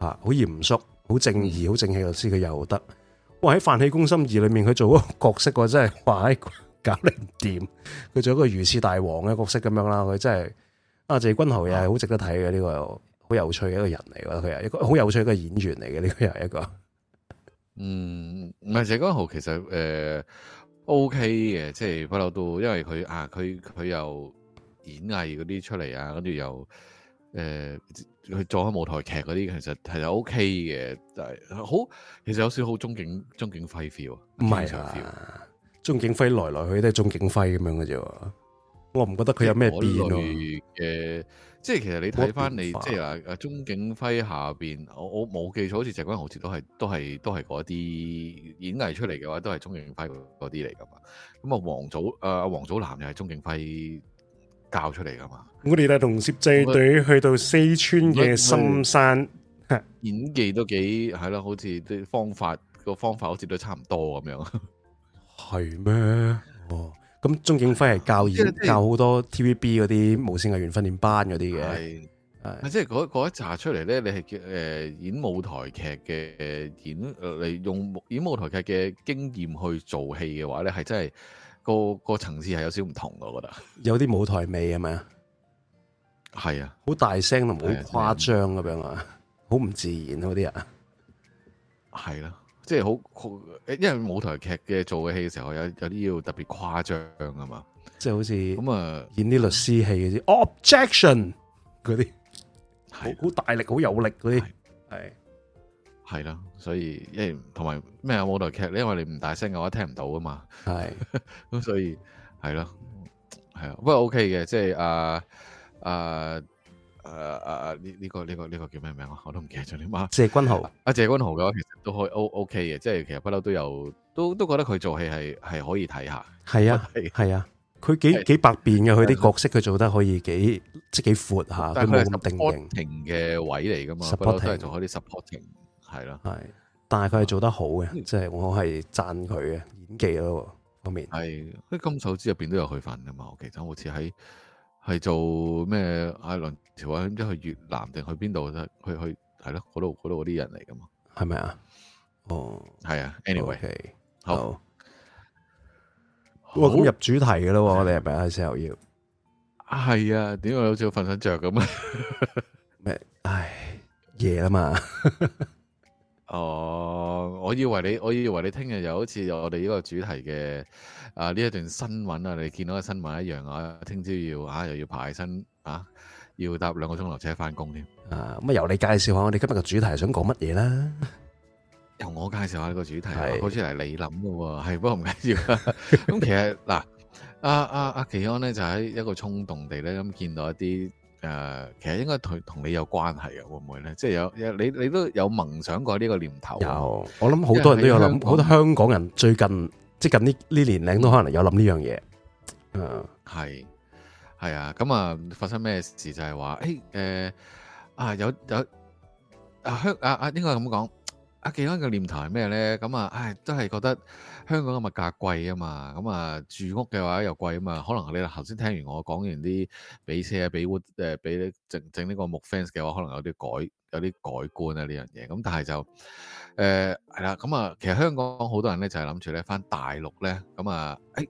嚇，好嚴肅、好正義、好、嗯、正氣律師，佢又得。哇！喺《飯氣攻心二》裏面佢做嗰個角色，真係哇！喺搞凌掂，佢做一個魚翅大王嘅角色咁樣啦。佢真係阿、啊、謝君豪又係好值得睇嘅呢個好有趣嘅一個人嚟，我覺得佢係一個好有趣嘅演員嚟嘅呢個又係一個。一個這個、一個嗯，唔係謝君豪，其實誒，O K 嘅，即係不嬲都，因為佢啊，佢佢又演藝嗰啲出嚟啊，跟住又。誒，佢、呃、做開舞台劇嗰啲，其實係又 OK 嘅，但係好，其實有少少好鐘景鐘景輝 feel 啊，唔係啊，鐘景輝來來去都係鍾景輝咁樣嘅啫，我唔覺得佢有咩變咯、啊。誒、呃，即係其實你睇翻你，即係話阿鐘景輝下邊，我我冇記錯，好似石君，豪似都係都係都係嗰啲演藝出嚟嘅話，都係鍾景輝嗰啲嚟噶嘛。咁啊、呃，王祖誒，王祖藍又係鍾景輝。教出嚟噶嘛？我哋咧同攝製隊去到四川嘅深山，演技都幾係咯，好似啲方法個方法好似都差唔多咁樣。係咩？哦，咁鍾景輝係教演教好多 TVB 嗰啲無綫藝員訓練班嗰啲嘅，係，誒，即係嗰一紮出嚟咧，你係叫誒演舞台劇嘅演，你用演舞台劇嘅經驗去做戲嘅話咧，係真係。個個層次係有少唔同，我覺得有啲舞台味係咪啊？係啊，好大聲同好誇張咁樣啊，好唔自然嗰啲人係咯，即係好好，因為舞台劇嘅做嘅戲嘅時候，有有啲要特別誇張噶嘛，即係好似咁啊，演啲律師戲嗰啲 objection 嗰啲，好好大力好有力嗰啲，係係啦。所以，一同埋咩啊舞台劇咧，因為你唔大聲嘅話聽唔到噶嘛。係是，咁 所以係咯，係啊，不過 O K 嘅，即係啊啊啊啊呢呢個呢個呢個叫咩名啊？我都唔記得咗點啊。謝君豪，阿謝君豪嘅話其實都可以 O O K 嘅，即係其實不嬲都有，都都覺得佢做戲係係可以睇下。係啊，係啊以，佢幾的幾百變嘅，佢啲的角色佢做得可以幾即係幾闊吓，佢冇咁定型嘅位嚟噶嘛，不嬲 ing 都做嗰啲 supporting。係咯，係，但係佢係做得好嘅，即係我係讚佢嘅演技咯方面。係喺金手指入邊都有佢份噶嘛，我記得好似喺係做咩艾梁朝偉唔知去越南定去邊度？去去係咯，嗰度嗰度嗰啲人嚟噶嘛？係咪啊？哦，係啊。Anyway，好，哇咁入主題噶啦，我哋入邊阿 Sell 要係啊？點解好似瞓醒着咁咧？咩？唉，夜啊嘛～哦，uh, 我以為你，我以為你聽日又好似我哋呢個主題嘅啊呢一段新聞啊，你見到嘅新聞一樣啊，聽朝要啊又要爬起身啊，要搭兩個鐘頭車翻工添啊。咁啊由你介紹下我哋今日嘅主題係想講乜嘢啦？由我介紹下呢個主題，是好似係你諗嘅喎，係的不過唔緊要。咁 其實嗱，阿阿阿奇安咧就喺一個衝動地咧咁見到一啲。誒，其實應該同同你有關係嘅，會唔會咧？即係有，你你都有夢想過呢個念頭。有，我諗好多人都有諗，好多香港人最近即係近呢呢年齡都可能有諗呢樣嘢。嗯，係係啊，咁啊，發生咩事就係話，誒，誒，啊，有有啊香啊啊，應該咁講，阿健哥嘅念頭係咩咧？咁啊，唉，都係覺得。香港嘅物價貴啊嘛，咁啊住屋嘅話又貴啊嘛，可能你頭先聽完我講完啲比車啊比屋誒比整整呢個木 fence 嘅話，可能有啲改有啲改觀啊呢樣嘢。咁但係就誒係啦，咁、呃、啊其實香港好多人咧就係諗住咧翻大陸咧，咁啊誒、欸、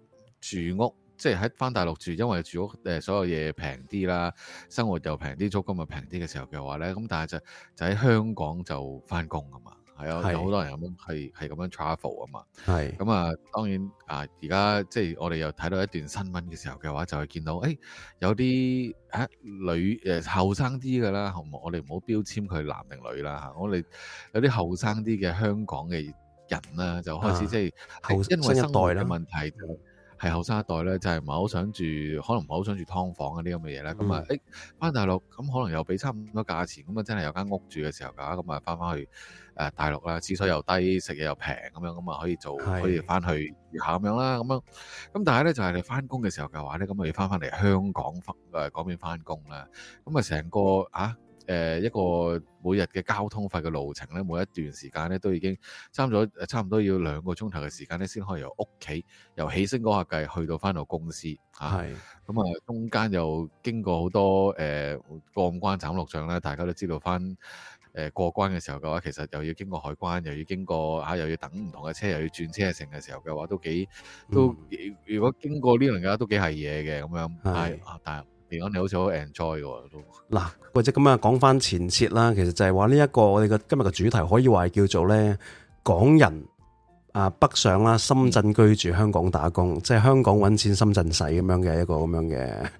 住屋即係喺翻大陸住，因為住屋誒所有嘢平啲啦，生活又平啲，租金又平啲嘅時候嘅話咧，咁但係就就喺香港就翻工啊嘛。係啊，有好多人咁樣係係咁樣 travel 啊嘛。係咁是啊，當然啊，而家即係我哋又睇到一段新聞嘅時候嘅話，就會見到誒、哎、有啲嚇、啊、女誒後生啲嘅啦，我哋唔好標籤佢男定女啦嚇、啊。我哋有啲後生啲嘅香港嘅人啦，就開始、啊、即係、就是、後生一代啦，問題係後生一代咧，就係唔係好想住，可能唔係好想住劏房嗰啲咁嘅嘢啦。咁啊誒翻大陸咁可能又俾差唔多價錢，咁啊真係有間屋住嘅時候㗎，咁啊翻翻去。誒大陸啦，水費又低，食嘢又平，咁樣咁啊可以做，可以翻去越下咁樣啦，咁樣咁但係咧就係你翻工嘅時候嘅話咧，咁啊要翻翻嚟香港翻誒嗰邊翻工啦，咁啊成個啊誒一個每日嘅交通費嘅路程咧，每一段時間咧都已經差唔多差唔多要兩個鐘頭嘅時間咧，先可以由屋企由起升嗰下計去到翻到公司嚇，咁啊中間又經過好多誒過關斬六將咧，大家都知道翻。誒過關嘅時候嘅話，其實又要經過海關，又要經過嚇、啊，又要等唔同嘅車，又要轉車程嘅時候嘅話，都幾都如果經過呢輪嘅話都幾係嘢嘅咁樣。係啊的，但係，如果你好似好 enjoy 嘅喎都。嗱的，或者咁樣，講翻前設啦，其實就係話呢一個我哋嘅今日嘅主題，可以話係叫做咧，港人啊北上啦，深圳居住香港打工，嗯、即係香港揾錢，深圳使咁樣嘅一個咁樣嘅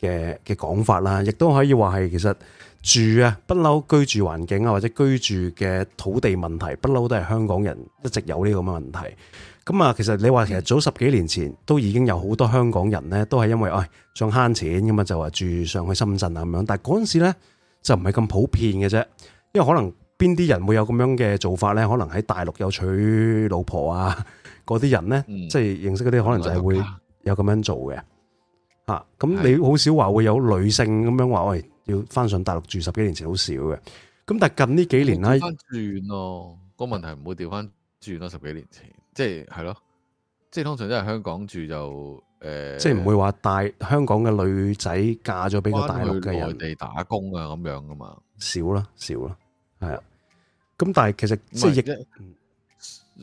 嘅嘅講法啦。亦都可以話係其實。住啊，不嬲居住環境啊，或者居住嘅土地問題，不嬲都係香港人一直有呢個咁嘅問題。咁啊，其實你話其實早十幾年前都已經有好多香港人呢，都係因為唉，想、哎、慳錢，咁嘛，就話住上去深圳啊咁樣。但係嗰陣時咧就唔係咁普遍嘅啫，因為可能邊啲人會有咁樣嘅做法呢？可能喺大陸有娶老婆啊嗰啲人呢，嗯、即係認識嗰啲可能就係會有咁樣做嘅。嚇、嗯，咁、啊、你好少話會有女性咁樣話喂。哎要翻上大陸住，十幾年前好少嘅，咁但係近呢幾年咧翻轉咯，個問題唔會調翻轉咯，十幾年前即係係咯，即係、啊、通常都係香港住就誒，呃、即係唔會話帶香港嘅女仔嫁咗俾個大陸嘅外地打工啊咁樣㗎嘛，少啦少啦，係啊，咁但係其實唔係即係逆亦。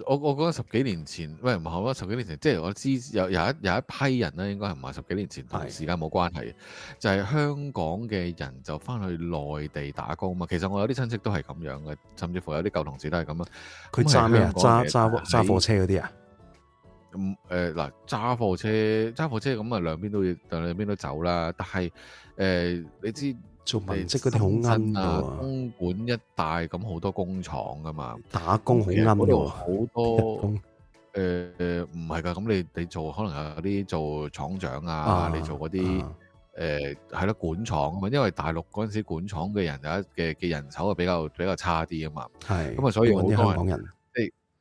我我覺得十幾年前，喂，唔係我十幾年前，即係我知有有一有一批人咧，應該係唔係十幾年前同時間冇關係嘅，就係香港嘅人就翻去內地打工啊嘛。其實我有啲親戚都係咁樣嘅，甚至乎有啲舊同事都係咁啊。佢揸咩啊？揸揸揸貨車嗰啲啊？咁誒嗱，揸貨車揸貨車咁啊兩邊都要，但係兩邊都走啦。但係誒、呃、你知。做文職嗰啲好奀啊！東莞一帶咁好多工廠噶嘛，打工好奀、啊，喎，好多。誒唔係㗎，咁、呃、你你做可能有啲做廠長啊，啊你做嗰啲誒係咯管廠啊嘛，因為大陸嗰陣時管廠嘅人嘅嘅人手啊比較比較差啲啊嘛，係。咁啊，所以好多香港人。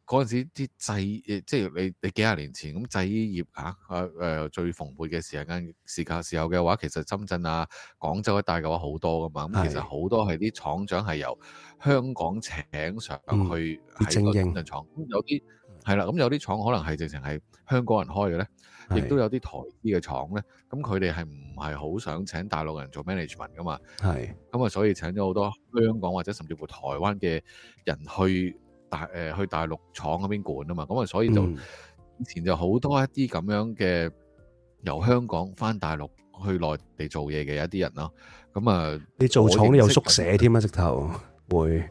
嗰陣時啲製誒即係你你幾廿年前咁製衣業嚇、啊啊呃、最蓬勃嘅時間時間時候嘅話，其實深圳啊、廣州一帶嘅話好多噶嘛。咁的其實好多係啲廠長係由香港請上去喺個深圳廠。咁、嗯、有啲係啦，咁有啲廠可能係直情係香港人開嘅咧，亦都的有啲台資嘅廠咧。咁佢哋係唔係好想請大陸人做 management 噶嘛？係的。咁啊，所以請咗好多香港或者甚至乎台灣嘅人去。大誒去大陸廠嗰邊管啊嘛，咁啊所以就以前就好多一啲咁樣嘅由香港翻大陸去內地做嘢嘅一啲人咯，咁啊你做廠都有宿舍添啊直頭，會，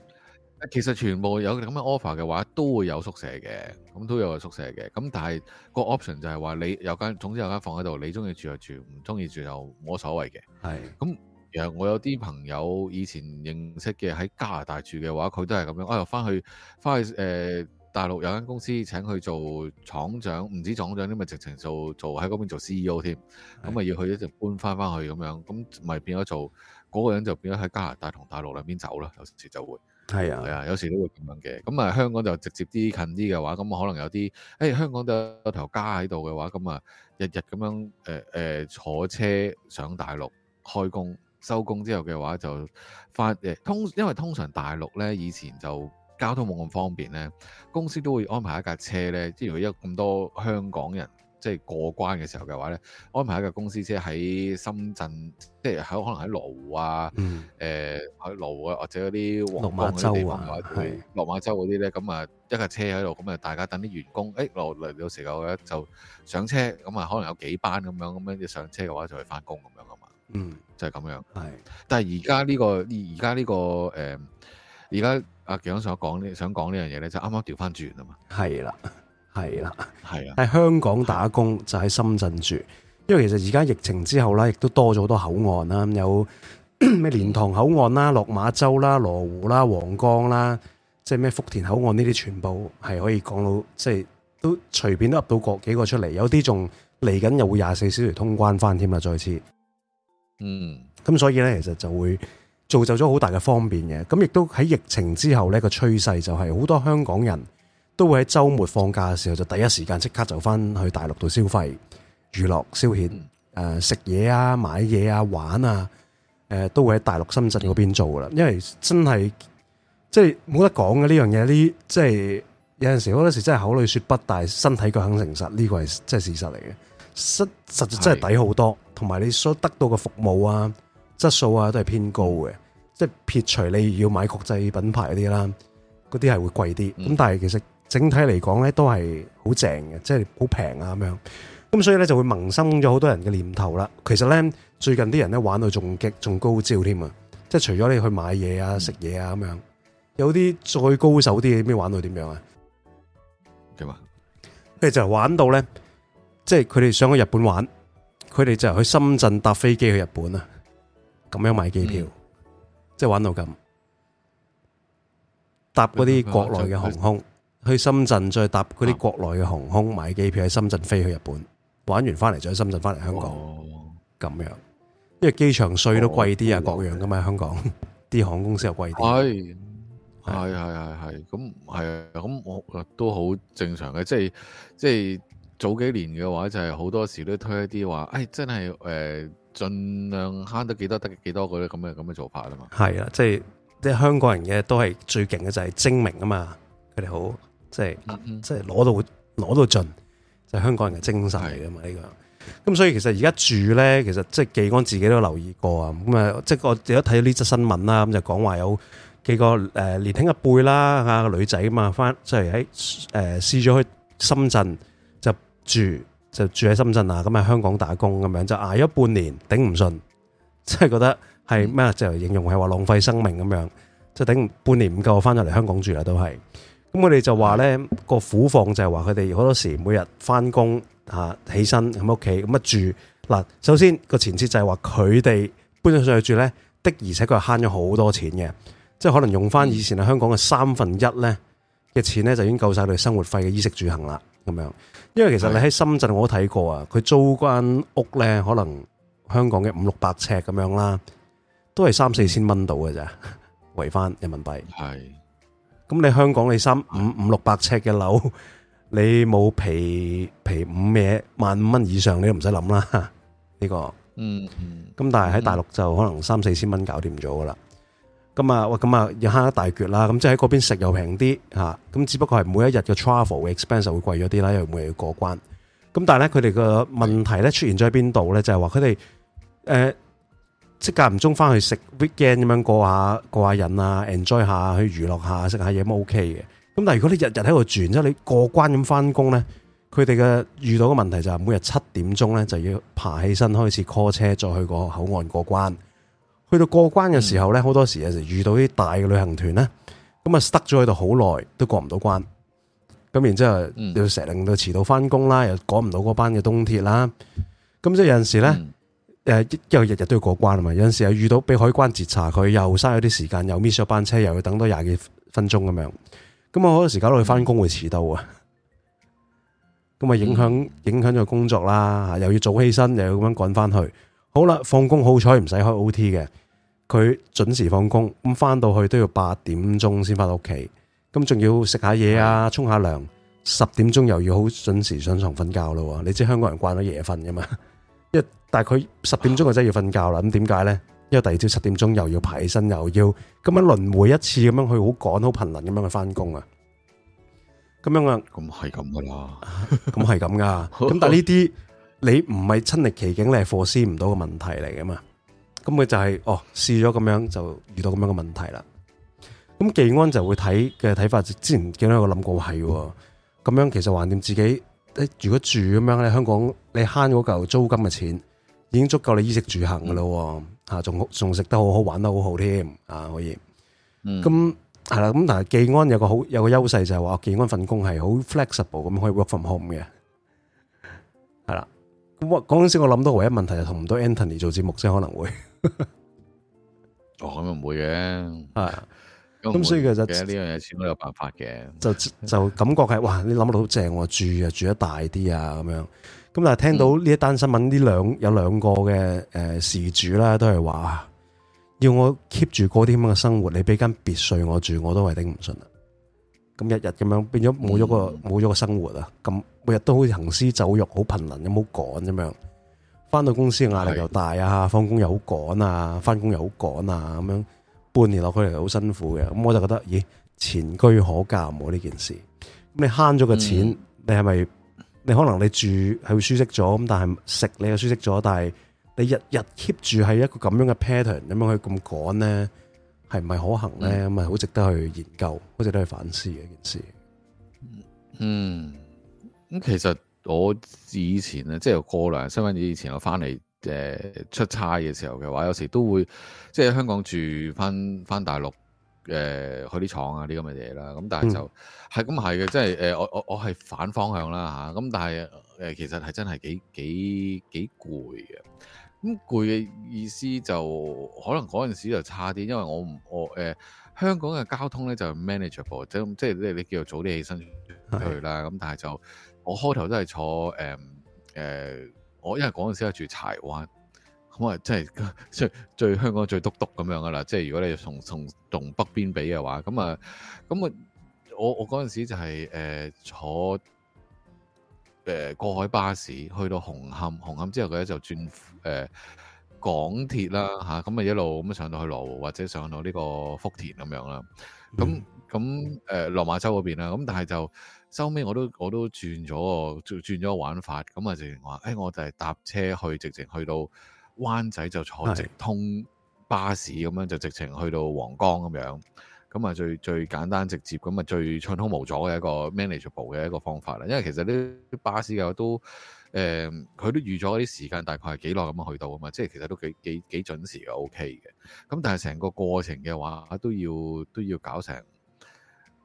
其實全部有咁嘅 offer 嘅話都會有宿舍嘅，咁都有個宿舍嘅，咁但係個 option 就係話你有間總之有間房喺度，你中意住就住，唔中意住就冇乜所謂嘅，係，咁。其實我有啲朋友以前認識嘅喺加拿大住嘅話，佢都係咁樣。哎、我又翻去翻去誒、呃、大陸有間公司請佢做廠長，唔知廠長啲咪、就是、直情做做喺嗰邊做 C E O 添。咁啊要一直去一就搬翻翻去咁樣，咁咪變咗做嗰、嗰個人就變咗喺加拿大同大陸兩邊走啦。有時就會係啊係啊，有時都會咁樣嘅。咁啊香港就直接啲近啲嘅話，咁可能有啲誒、哎、香港都有頭家喺度嘅話，咁啊日日咁樣誒誒、呃呃、坐車上大陸開工。收工之後嘅話就翻誒通，因為通常大陸咧以前就交通冇咁方便咧，公司都會安排一架車咧。即係如果一咁多香港人即係、就是、過關嘅時候嘅話咧，安排一架公司車喺深圳，即係喺可能喺羅湖啊，誒喺、嗯呃、羅湖啊，或者嗰啲黃崗嗰啲地方啊，羅馬洲嗰啲咧，咁啊一架車喺度，咁啊大家等啲員工，誒落嚟到時候咧就上車，咁啊可能有幾班咁樣，咁樣就上車嘅話就去翻工咁樣㗎嘛，嗯。就係咁樣，係是的、這個。這個呃、剛剛但係而家呢個而家呢個誒，而家阿強所講呢想講呢樣嘢咧，就啱啱調翻轉啊嘛。係啦，係啦，係啊。但香港打工就喺深圳住，因為其實而家疫情之後咧，亦都多咗好多口岸啦，有咩蓮 塘口岸啦、落馬洲啦、羅湖啦、皇崗啦，即係咩福田口岸呢啲，全部係可以講到即係、就是、都隨便都入到國幾個出嚟，有啲仲嚟緊又會廿四小時通關翻添啊，再次。嗯，咁所以呢，其實就會造就咗好大嘅方便嘅，咁亦都喺疫情之後呢個趨勢就係好多香港人都會喺周末放假嘅時候就第一時間即刻就翻去大陸度消費、娛樂、消遣，誒食嘢啊、買嘢啊、玩啊，誒、呃、都會喺大陸深圳嗰邊做啦，嗯、因為真係即係冇得講嘅呢樣嘢，呢即係有陣時好多時候真係口裡說不，但係身體佢肯誠實，呢、這個係真係事實嚟嘅。實實際真係抵好多，同埋是你所得到嘅服務啊、質素啊都係偏高嘅，嗯、即係撇除你要買國際品牌嗰啲啦，嗰啲係會貴啲。咁、嗯、但係其實整體嚟講咧，都係好正嘅，即係好平啊咁樣。咁所以咧就會萌生咗好多人嘅念頭啦。其實咧最近啲人咧玩到仲激仲高招添啊！即係除咗你去買嘢啊、食嘢、嗯、啊咁樣，有啲最高手啲嘅咩玩到點樣啊？點啊？佢就玩到咧。即係佢哋想去日本玩，佢哋就去深圳搭飛機去日本啊！咁樣買機票，嗯、即係玩到咁，搭嗰啲國內嘅航空、嗯、去深圳，再搭嗰啲國內嘅航空買機票喺、嗯、深圳飛去日本，玩完翻嚟，再喺深圳翻嚟香港，咁、哦哦、樣，因為機場稅都貴啲啊，哦、各樣噶嘛、哦，香港啲航空公司又貴啲，係係係係咁係啊，咁我嗎都好正常嘅，即係即係。早幾年嘅話，就係好多時都推一啲話，誒、哎、真係、呃、盡量慳得幾多得幾多個咁嘅咁嘅做法啊嘛。係啊，即係香港人嘅都係最勁嘅就係精明啊嘛，佢哋好即係、嗯、即係攞到攞到盡，就係、是、香港人嘅精神嚟噶嘛。呢的、這個咁所以其實而家住咧，其實即係記安自己都留意過啊。咁啊，即係我有睇咗呢則新聞啦，咁就講話有幾個、呃、年輕一輩啦，啊個女仔啊嘛，翻即係喺試咗去深圳。住就住喺深圳啊，咁喺香港打工咁樣就挨咗半年，頂唔順，即係覺得係咩？就形容係話浪費生命咁樣，即係頂半年唔夠，翻咗嚟香港住啦，都係。咁我哋就話呢個苦況就係話佢哋好多時每日翻工啊，起身喺屋企咁啊住。嗱，首先個前提就係話佢哋搬咗上去住呢，的而且確係慳咗好多錢嘅，即係可能用翻以前喺香港嘅三分一呢嘅錢呢，就已經夠晒佢生活費嘅衣食住行啦。咁樣，因為其實你喺深圳我都睇過啊，佢租間屋咧，可能香港嘅五六百尺咁樣啦，都係三四千蚊到嘅咋，圍翻人民幣。係，咁你香港你三五五六百尺嘅樓，你冇皮皮五嘢萬五蚊以上，你都唔使諗啦。呢個，嗯嗯，咁但係喺大陸就可能三四千蚊搞掂咗噶啦。咁啊，咁啊，又慳一大撅啦！咁即喺嗰邊食又平啲嚇，咁只不過係每一日嘅 travel expense 就會貴咗啲啦，因為每日要過關。咁但係咧，佢哋嘅問題咧出現咗喺邊度咧？就係話佢哋誒即間唔中翻去食 weekend 咁樣過下過下癮啊，enjoy 下，去娛樂下食下嘢都 OK 嘅。咁但係如果你日日喺度住，然之後你過關咁翻工咧，佢哋嘅遇到嘅問題就係每日七點鐘咧就要爬起身開始 call 車再去個口岸過關。去到過關嘅時候咧，好多時，有時遇到啲大嘅旅行團咧，咁啊塞咗喺度好耐，都過唔到關。咁然之後又成日令到遲到翻工啦，又趕唔到嗰班嘅東鐵啦。咁即係有陣時咧，誒因為日日都要過關啊嘛。有陣時又遇到俾海關截查，佢又嘥咗啲時間，又 miss 咗班車，又要等多廿幾分鐘咁樣。咁啊好多時間搞到去翻工會遲到啊，咁啊影響影響咗工作啦，又要早起身，又要咁樣趕翻去。好啦，放工好彩唔使開 OT 嘅，佢準時放工咁，翻到去都要八點鐘先翻到屋企，咁仲要食下嘢啊，沖下涼，十點鐘又要好準時上床瞓覺咯。你知香港人慣咗夜瞓噶嘛？即係大概十點鐘就真係要瞓覺啦。咁點解咧？因為第二朝十點鐘又要排起身，又要咁樣輪回一次咁樣去好趕好頻輪咁樣去翻工啊。咁樣啊？咁係咁噶啦，咁係咁噶。咁但係呢啲。你唔係親歷其境，你係 foresee 唔到個問題嚟噶嘛？咁佢就係、是、哦，試咗咁樣就遇到咁樣個問題啦。咁技安就會睇嘅睇法，之前見到有個諗過係，咁、嗯、樣其實橫掂自己。如果住咁樣咧，香港你慳嗰嚿租金嘅錢，已經足夠你衣食住行噶啦，吓仲仲食得好好，玩得好好添啊！可以，咁係啦。咁但係技安有個好有個優勢就係話，技安份工係好 flexible 咁，可以 work from home 嘅。嗰陣時我諗到唯一問題係同唔到 Anthony 做節目先，可能會 哦，咁又唔會嘅係咁，所以其實呢樣嘢始終都有辦法嘅。嗯、就就感覺係哇，你諗到好正，住啊住得大啲啊，咁樣咁。但係聽到呢一單新聞，呢兩、嗯、有兩個嘅誒，事、呃、主啦，都係話要我 keep 住嗰啲咁嘅生活，你俾間別墅我住，我都係頂唔順啦。咁日日咁樣變咗冇咗個冇咗、嗯、個生活啊！咁每日都好似行屍走肉，好貧能，咁好趕咁樣，返到公司壓力大是的 又大啊，放工又好趕啊，返工又好趕啊，咁樣半年落去嚟，好辛苦嘅。咁我就覺得，咦，前居可鑒冇呢件事。咁你慳咗個錢，嗯、你係咪？你可能你住係會舒適咗，咁但係食你又舒適咗，但係你日日 keep 住係一個咁樣嘅 pattern，咁樣可以咁趕呢？係唔係可行咧？咁咪好值得去研究，好值得去反思嘅一件事。嗯，咁、嗯、其實我以前咧，即係過兩、三番子以前我翻嚟，我翻嚟誒出差嘅時候嘅話，有時都會即係香港住翻翻大陸誒、呃、去啲廠啊啲咁嘅嘢啦。咁但係就係咁係嘅，即係誒我我我係反方向啦吓。咁、啊、但係誒、呃、其實係真係幾幾幾攰嘅。咁攰嘅意思就可能嗰陣時就差啲，因為我唔我誒、呃、香港嘅交通咧就 manageable，即係即係你叫做早啲起身去啦。咁的但係就我開頭都係坐誒誒，我，坐、嗯呃、我因為嗰陣時係住柴灣，咁啊真係最最香港最篤篤咁樣噶啦。即係如果你從從從，從北邊比嘅話，咁啊咁啊，我我嗰陣時就係、是、誒、呃、坐。誒過海巴士去到紅磡，紅磡之後佢咧就轉誒、呃、港鐵啦嚇，咁、啊、咪一路咁上到去羅湖或者上到呢個福田咁樣啦。咁咁誒落馬洲嗰邊啦。咁但係就收尾我都我都轉咗轉轉咗個玩法。咁啊直情話，誒、欸、我就係搭車去，直情去到灣仔就坐直通巴士咁樣，的就直情去到皇崗咁樣。咁啊，最最簡單直接，咁啊最暢通無阻嘅一個 manageable 嘅一個方法啦。因為其實呢啲巴士嘅都，誒、呃，佢都預咗啲時間，大概係幾耐咁去到啊嘛。即係其實都幾幾幾準時嘅，OK 嘅。咁但係成個過程嘅話，都要都要搞成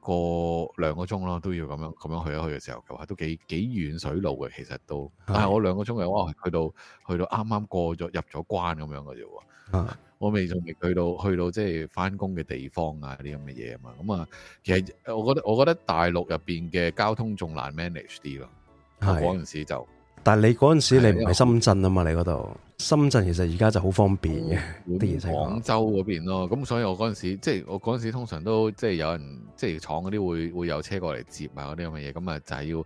個兩個鐘咯，都要咁樣咁樣去一去嘅時候嘅話，都幾幾遠水路嘅，其實都。但係我兩個鐘嘅話，去到去到啱啱過咗入咗關咁樣嘅啫喎。啊！我未仲未去到去到即係翻工嘅地方啊啲咁嘅嘢啊嘛，咁、嗯、啊，其實我覺得我覺得大陸入邊嘅交通仲難 manage 啲咯。嗰陣的時就，但係你嗰陣時你唔係深圳啊嘛，的你嗰度深圳其實而家就好方便嘅，廣州嗰邊咯，咁所以我嗰陣時即係我嗰陣時通常都即係有人即係廠嗰啲會會有車過嚟接啊嗰啲咁嘅嘢，咁啊、嗯、就係、是、要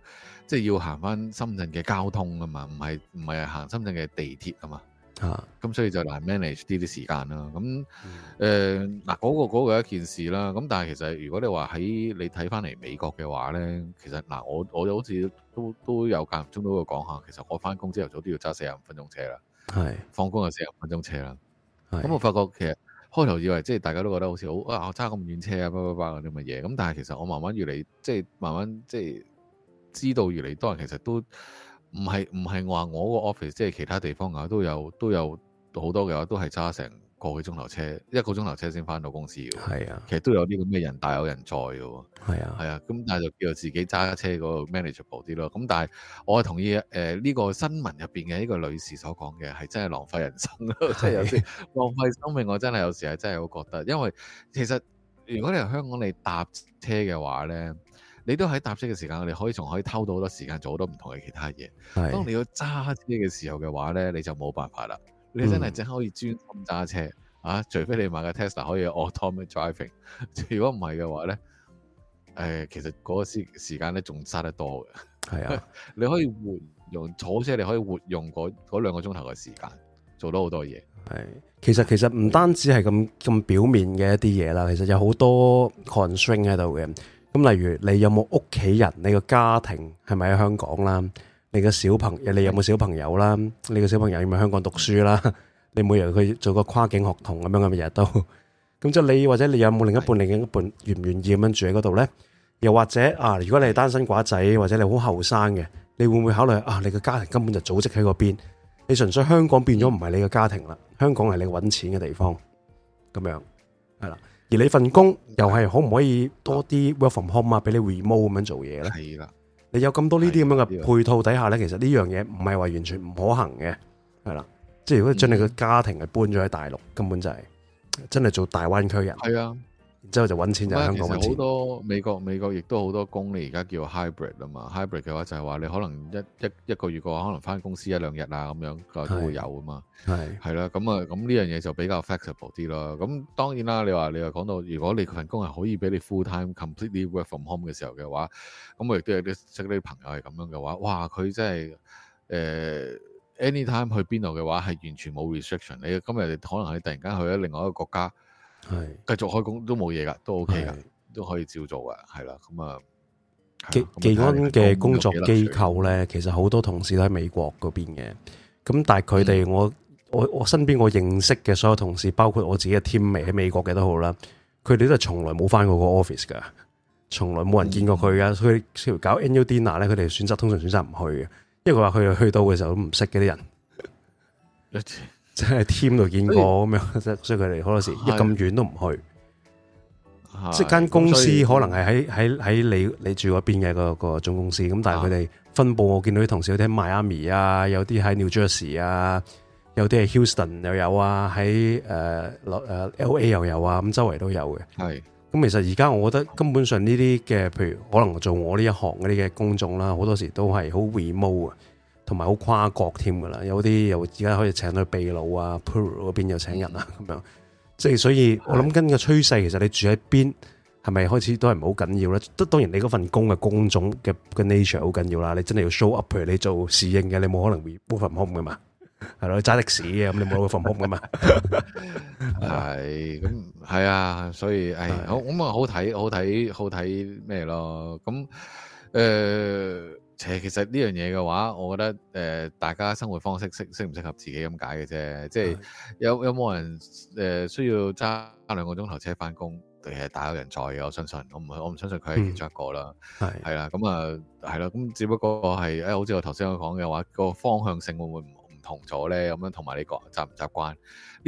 即係、就是、要行翻深圳嘅交通啊嘛，唔係唔係行深圳嘅地鐵啊嘛。啊，咁所以就難 manage 呢啲時間啦。咁誒，嗱嗰、嗯呃嗰個嗰、嗰個一件事啦。咁但係其實如果你話喺你睇翻嚟美國嘅話咧，其實嗱、呃、我我又好似都都有間唔中都會講下，其實我翻工之後早都要揸四十五分鐘車啦。係是，放工嘅四十五分鐘車啦。咁是我發覺其實開頭以為即係大家都覺得好似好啊，我揸咁遠車啊，巴巴巴嗰啲乜嘢。咁但係其實我慢慢越嚟即係慢慢即係知道越嚟多人其實都。唔係唔係話我個 office 即係其他地方啊，都有都有好多嘅話，都係揸成個幾鐘頭車一個鐘頭車先翻到公司㗎。係啊，其實都有啲咁嘅人，大有人在㗎喎。係啊，係啊，咁但係就叫做自己揸車嗰個 manageable 啲咯。咁但係我係同意呢、呃呢個新聞入邊嘅呢個女士所講嘅，係真係浪費人生咯，即係有啲浪費生命，我真係有時係真係好覺得，因為其實如果你係香港你搭車嘅話咧。你都喺搭車嘅時間，你可以仲可以偷到好多時間，做好多唔同嘅其他嘢。是當你要揸車嘅時候嘅話咧，你就冇辦法啦。你真係只可以專心揸車、嗯、啊！除非你買個 Tesla 可以 automated driving， 如果唔係嘅話咧、哎，其實嗰個時時間咧仲嘥得多嘅。啊， 你可以活用坐車，你可以活用嗰兩個鐘頭嘅時間，做到多好多嘢。其實其實唔單止係咁咁表面嘅一啲嘢啦，其實有好多 concern 喺度嘅。咁例如，你有冇屋企人？你個家庭係咪喺香港啦？你個小朋友，你有冇小朋友啦？你個小朋友係咪喺香港讀書啦？你每日去做個跨境學童咁樣，咁日日都咁，即係你，或者你有冇另一半，另一半願唔願意咁樣住喺嗰度咧？又或者啊，如果你係單身寡仔，或者你好後生嘅，你會唔會考慮啊？你個家庭根本就組織喺嗰邊，你純粹香港變咗唔係你個家庭啦，香港係你搵錢嘅地方，咁樣係啦。而你份工又係可唔可以多啲 work from home 啊，俾你 remote 咁樣做嘢咧？係啦了，你有咁多呢啲咁樣嘅配套底下咧，了其實呢樣嘢唔係話完全唔可行嘅，係啦，即係如果將你個家庭係搬咗喺大陸，嗯、根本就係真係做大灣區人。係啊。之後就揾錢是就香港揾錢。其實好多美國美國亦都好多工，你而家叫 hybrid 啊嘛。hybrid 嘅話就係話你可能一一一個月嘅話可能返公司一兩日啊，咁樣個都會有啊嘛。係係啦，咁啊咁呢樣嘢就比較 flexible 啲咯。咁當然啦，你話你話講到如果你份工係可以俾你 full time completely work from home 嘅時候嘅話，咁我亦都有啲識啲朋友係咁樣嘅話，哇！佢真係誒、呃、anytime 去邊度嘅話係完全冇 restriction。你今日可能你突然間去咗另外一個國家。係繼是續開工都冇嘢噶，都 OK 噶，是都可以照做噶，係啦。咁其啊，記安嘅工作機構呢，嗯、其實好多同事都喺美國嗰邊嘅。咁但係佢哋，我我我身邊我認識嘅所有同事，包括我自己嘅 teammate 喺美國嘅都好啦。佢哋都係從來冇翻過個 office 噶，從來冇人見過佢噶。佢條、嗯、搞 new dinner 咧，佢哋選擇通常選擇唔去嘅，因為佢話佢去到嘅時候都唔識嗰啲人。 即係 team 度見過咁樣，所以佢哋好多時一咁遠都唔去。的即係間公司可能係喺喺喺你你住嗰邊嘅、嗰個、嗰個總公司，咁但係佢哋分佈，我見到啲同事有啲 Miami 啊，有啲喺 New Jersey 啊，有啲係 Houston 又有啊，喺、呃、LA 又有啊，咁周圍都有嘅。咁的、嗯、其實而家我覺得根本上呢啲嘅，譬如可能做我呢一行嗰啲嘅工種啦，好多時都係好 remote 啊。同埋好跨國添噶啦，有啲又而家可以請去秘魯啊、Peru 嗰、嗯、邊又請人啊，咁、嗯、樣，即係所以，我諗跟個趨勢，其實你住喺邊，係咪開始都係唔好緊要咧？得當然你嗰份工嘅工種嘅嘅 nature 好緊要啦，你真係要 show up 譬如你做侍應嘅，你冇可能會冇份唔空噶嘛？係咯， 揸的士嘅咁你冇份唔空噶嘛？係咁係啊，所以係、哎、的好咁啊，好睇好睇好睇咩咯？咁誒。呃其實呢樣嘢嘅話，我覺得誒、呃、大家生活方式適適唔適合自己咁解嘅啫，的即係有有冇人誒、呃、需要揸兩個鐘頭車翻工，定係大有人在嘅。我相信我唔我唔相信佢係其中一個啦，係係啦，咁啊係啦，咁、嗯、只不過係誒、哎、好似我頭先我講嘅話個方向性會唔會唔？同咗咧，咁樣同埋你習唔習慣呢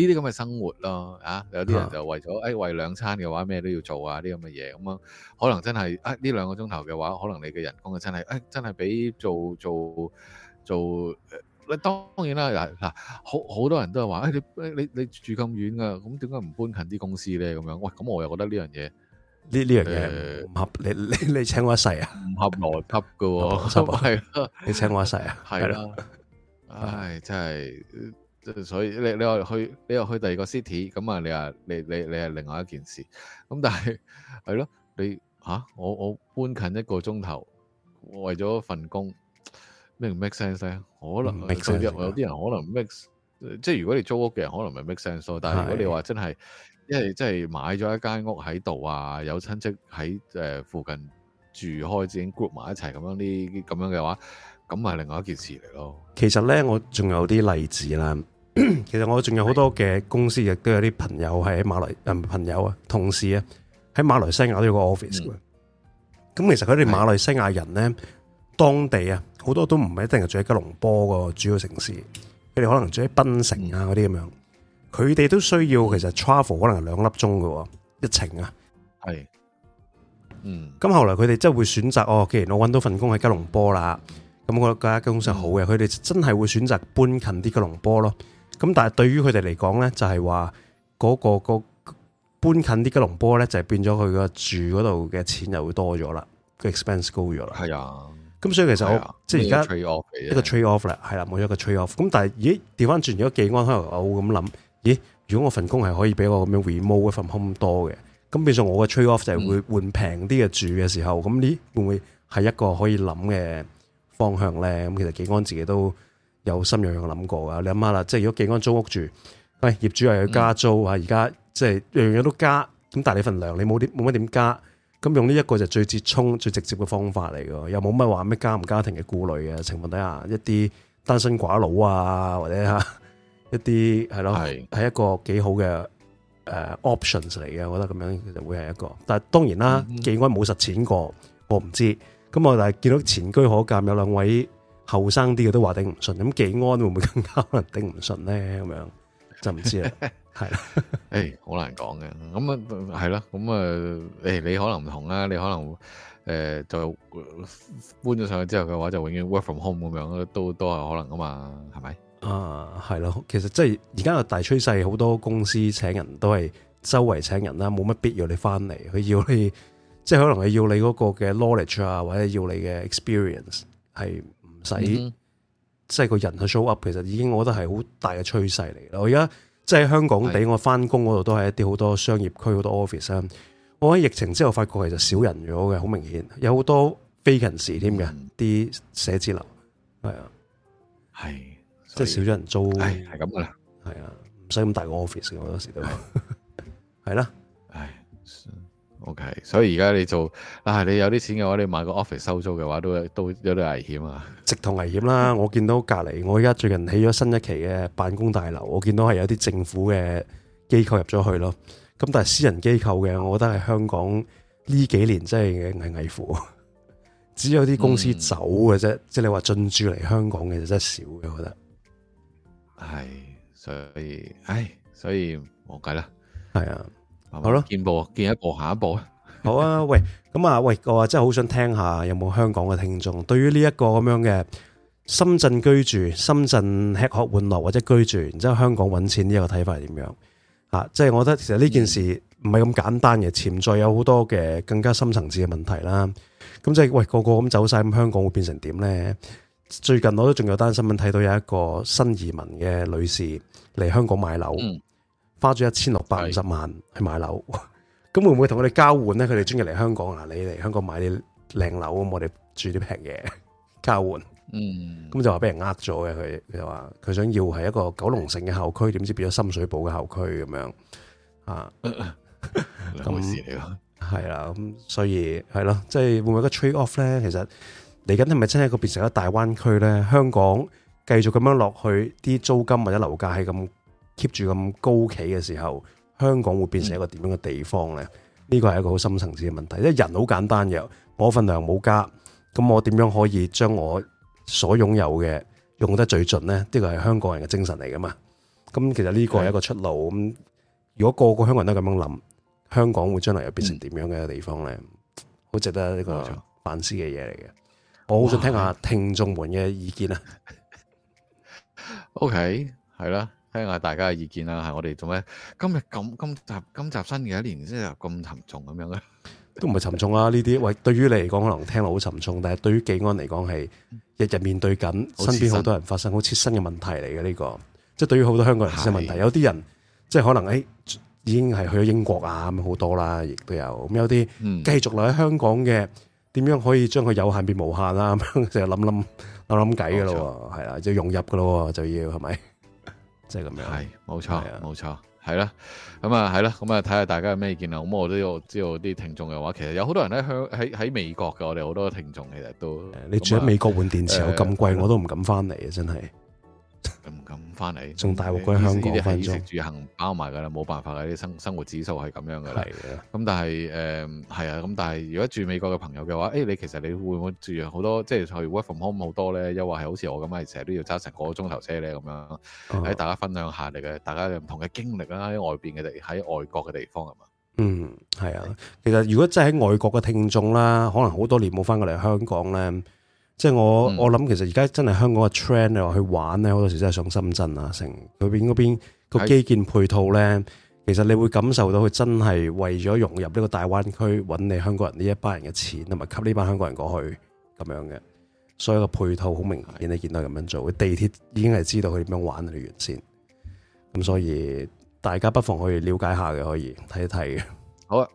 啲咁嘅生活咯？啊，有啲人就為咗誒、哎、為兩餐嘅話，咩都要做啊啲咁嘅嘢，咁樣、啊、可能真係誒呢兩個鐘頭嘅話，可能你嘅人工啊真係誒、哎、真係畀做做做誒、啊、當然啦嗱嗱，好好多人都係話誒你你你住咁遠噶，咁點解唔搬近啲公司咧？咁樣喂，咁、哎、我又覺得呢樣嘢呢呢樣嘢唔合、呃、你你你請我一世啊？唔合邏輯噶喎，係你請我一世啊？係啦、啊。 唉，真係，所以你你話去，你話去第二個 city，咁啊，你話你你你係另外一件事，咁但係係咯，你吓、啊，我我搬近一個鐘頭，為咗份工，make 唔 make sense 咧？可能佢入 make 有啲的人可能 make，即係如果你租屋嘅人可能唔 make sense，但係如果你話真係，的因為真係買咗一間屋喺度啊，有親戚喺誒、呃、附近住開，自己 group 埋一齊咁樣啲啲咁樣嘅話。咁係另外一件事嚟咯。其實咧，我仲有啲例子啦。其實我仲有好多嘅公司，亦的都有啲朋友係喺馬來，嗯，朋友啊，同事啊，喺馬來西亞都有個 office 噶。咁、嗯、其實佢哋馬來西亞人咧，的當地啊，好多都唔係一定係住喺吉隆坡個主要城市，佢哋可能住喺檳城啊嗰啲咁樣。佢哋、嗯、都需要其實 travel 可能係兩粒鐘噶，一程啊，係。嗯。咁後來佢哋真係會選擇哦，既然我搵到份工喺吉隆坡啦。咁我覺得一家公司好嘅，佢哋、嗯、真係會選擇搬近啲吉隆坡咯。咁但係對於佢哋嚟講咧，就係話嗰個搬近啲吉隆坡咧，就係變咗佢個住嗰度嘅錢就會多咗啦，expense 高咗啦。係啊，咁所以其實、啊、即係而家一個 trade off 啦，係啦、啊，冇咗個 trade off、啊。咁但係是咦調翻轉，如果記安，可能我會咁諗，咦如果我份工係可以俾我咁樣 remote 一份 home 多嘅，咁變相我嘅 trade off 就係會換平啲嘅住嘅時候，咁呢、嗯、會唔會係一個可以諗嘅？方向咧，咁其實紀安自己都有心樣樣諗過噶。你諗下啦，即係如果紀安租屋住，喂、哎，業主又要加租啊，而家、嗯、即係樣樣都加，咁但係你份糧你冇冇乜點加，咁用呢一個就是最接衝、最直接嘅方法嚟嘅，又冇乜話咩家唔家庭嘅顧慮嘅情況底下，一啲單身寡佬啊，或者嚇一啲係咯，係係是一個幾好嘅誒、uh, options 嚟嘅，我覺得咁樣其實會係一個。但係當然啦，紀、嗯嗯、安冇實踐過，我唔知道。咁我但係見到前居可鑒，有兩位後生啲嘅都話頂唔順，咁幾安會唔會更加可能頂唔順咧？咁樣就唔知啦，係，誒，好難講嘅。咁啊，係咯，咁啊，誒，你可能唔同啦，你可能誒，就、呃、搬咗上去之後嘅話，就永遠 work from home 咁樣都都係可能噶嘛，係咪？啊，係咯，其實即係而家個大趨勢，好多公司請人都係周圍請人啦，冇乜必要你翻嚟，佢要你。即係可能係要你嗰個嘅 knowledge 啊，或者要你嘅 experience 係唔使，嗯、哼即係個人去 show up。其實已經我覺得係好大嘅趨勢嚟。我而家即係香港地，是的 我翻工嗰度都係一啲好多商業區，好多 office 啊。我喺疫情之後發覺其實少人咗嘅，好明顯。有好多 vacancy 添嘅啲寫字樓，係啊、嗯哼，係即係少咗人租，係咁噶啦，係、就、啊、是，唔使咁大個 office，的我有時都係啦。 O、okay, K，所以而家你做啊，你有啲錢嘅話，你買個 office 收租嘅話，都都有啲危險啊！直頭危險啦！我見到隔籬，我而家最近起咗新一期嘅辦公大樓，我見到係有啲政府嘅機構入咗去咯。咁但係私人機構嘅，我覺得係香港呢幾年真係危危乎，只有啲公司走嘅啫。嗯、即係你話進駐嚟香港嘅，就真係少嘅，我覺得。係，所以，唉，所以冇計啦。係啊。好咯，見步，見一步吧，下一步啊！好啊， 喂，咁啊，喂，我真係好想聽下，有冇香港嘅聽眾對於呢一個咁樣嘅深圳居住、深圳吃喝玩樂或者居住，然之後香港揾錢呢個睇法係點樣啊？即、就、係、是、我覺得其實呢件事唔係咁簡單嘅，潛、嗯、在有好多嘅更加深層次嘅問題啦。咁即係喂，個個咁走晒，咁香港會變成點咧？最近我都仲有單新聞睇到有一個新移民嘅女士嚟香港買樓。嗯花咗一千六百五十萬去買樓，咁是的 會唔會同佢哋交換咧？佢哋中意嚟香港啊，你嚟香港買啲靚樓，咁我哋住啲平嘢，交換。嗯，咁就話俾人呃咗嘅，佢佢就話佢想要係一個九龍城嘅校區，點知變咗深水埗嘅校區咁樣啊？咁係啦，咁所以係咯，即係、就是、會唔會一個 trade off 咧？其實嚟緊係咪真係個變成一個大灣區咧？香港繼續咁樣落去，啲租金或者樓價係咁。keep 住咁高企嘅時候，香港會變成一個點樣嘅地方呢？呢個係一個好深層次嘅問題，人好簡單嘅，我份糧冇加，咁我點樣可以將我所擁有嘅用得最盡呢？呢、呢個係香港人嘅精神嚟噶嘛？咁其實呢個係一個出路。咁是的 如果個個香港人都咁樣諗，香港會將來又變成點樣嘅地方呢？好、嗯、值得一個反思嘅嘢嚟嘅。嗯、我好想聽下聽眾們嘅意見啊。哇 OK，係啦。聽下大家嘅意見啦，係我哋做咩？今日咁今集今集新嘅一年即係咁沉重咁樣咧，都唔係沉重啊！呢啲喂，對於你嚟講可能聽落好沉重，但係對於警安嚟講係日日面對緊，身邊好多人發生好切身嘅問題嚟嘅呢個，即係對於好多香港人切身嘅問題，有啲人即係可能誒已經係去咗英國啊咁好多啦，亦都有咁有啲繼續留喺香港嘅，點樣可以將佢有限變無限啊？咁成日諗諗諗諗計噶啦，係啦，就融入噶啦，就要係咪？即係咁樣，係冇錯，冇、啊、錯，係啦，咁啊，係啦，咁啊，睇下、啊啊啊啊、大家有咩意見啊。咁我都要知道啲聽眾嘅話，其實有好多人喺香喺喺美國嘅，我哋好多聽眾其實都，你住喺美國換電池有咁貴，啊、我都唔敢翻嚟啊！真係。咁咁翻嚟，仲大鑊過香港翻咗。衣食住行包埋噶啦，冇辦法啦，啲生生活指數係咁樣嘅嚟。咁的、嗯、但係誒係啊，咁、嗯、但係如果住美國嘅朋友嘅話，誒、欸、你其實你會唔會住好多，即係去 Work from Home 好多咧？又話係好似我咁啊，成日都要揸成個鐘頭車咧咁樣。喺的大家分享下嚟嘅，大家有唔同嘅經歷啦，喺外邊嘅地喺外國嘅地方係嘛？嗯，係啊。其實如果真係喺外國嘅聽眾啦，可能好多年冇翻過嚟香港咧。即係我、嗯、我諗，其實而家真係香港嘅 trend，你話去玩咧，好多時真係上深圳啊，成佢邊嗰邊個基建配套咧，是的 其實你會感受到佢真係為咗融入呢個大灣區，搵你香港人呢一班人嘅錢，同埋吸呢班香港人過去咁樣嘅，所以個配套好明顯，你見到咁樣做，是的 地鐵已經係知道佢點樣玩呢條線，咁所以大家不妨去了解下嘅，可以睇一睇嘅，看看好啊。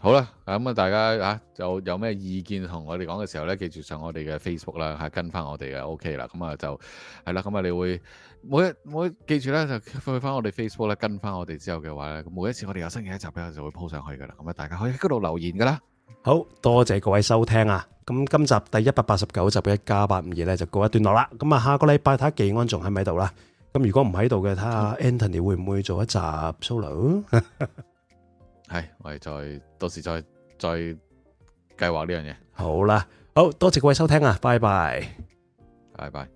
好啦，咁啊大家嚇就有咩意見同我哋講嘅時候咧，記住上我哋嘅 Facebook 啦，係跟翻我哋嘅 O K 啦。咁啊就係啦，咁啊你會每一每記住咧，就去翻我哋 Facebook 咧，跟翻我哋之後嘅話咧，咁每一次我哋有新嘅一集咧，我就會鋪上去噶啦。咁啊大家可以喺嗰度留言噶啦。好多謝各位收聽啊！咁今集第一百八十九集嘅一家八五二咧就告一段落啦。咁啊下個禮拜睇下紀安仲喺唔喺度啦。咁如果唔喺度嘅，睇下 Anthony 會唔會做一集 Solo。係，我哋再到時再再計劃呢樣嘢。好啦，好多謝各位收聽啊！拜拜，拜拜。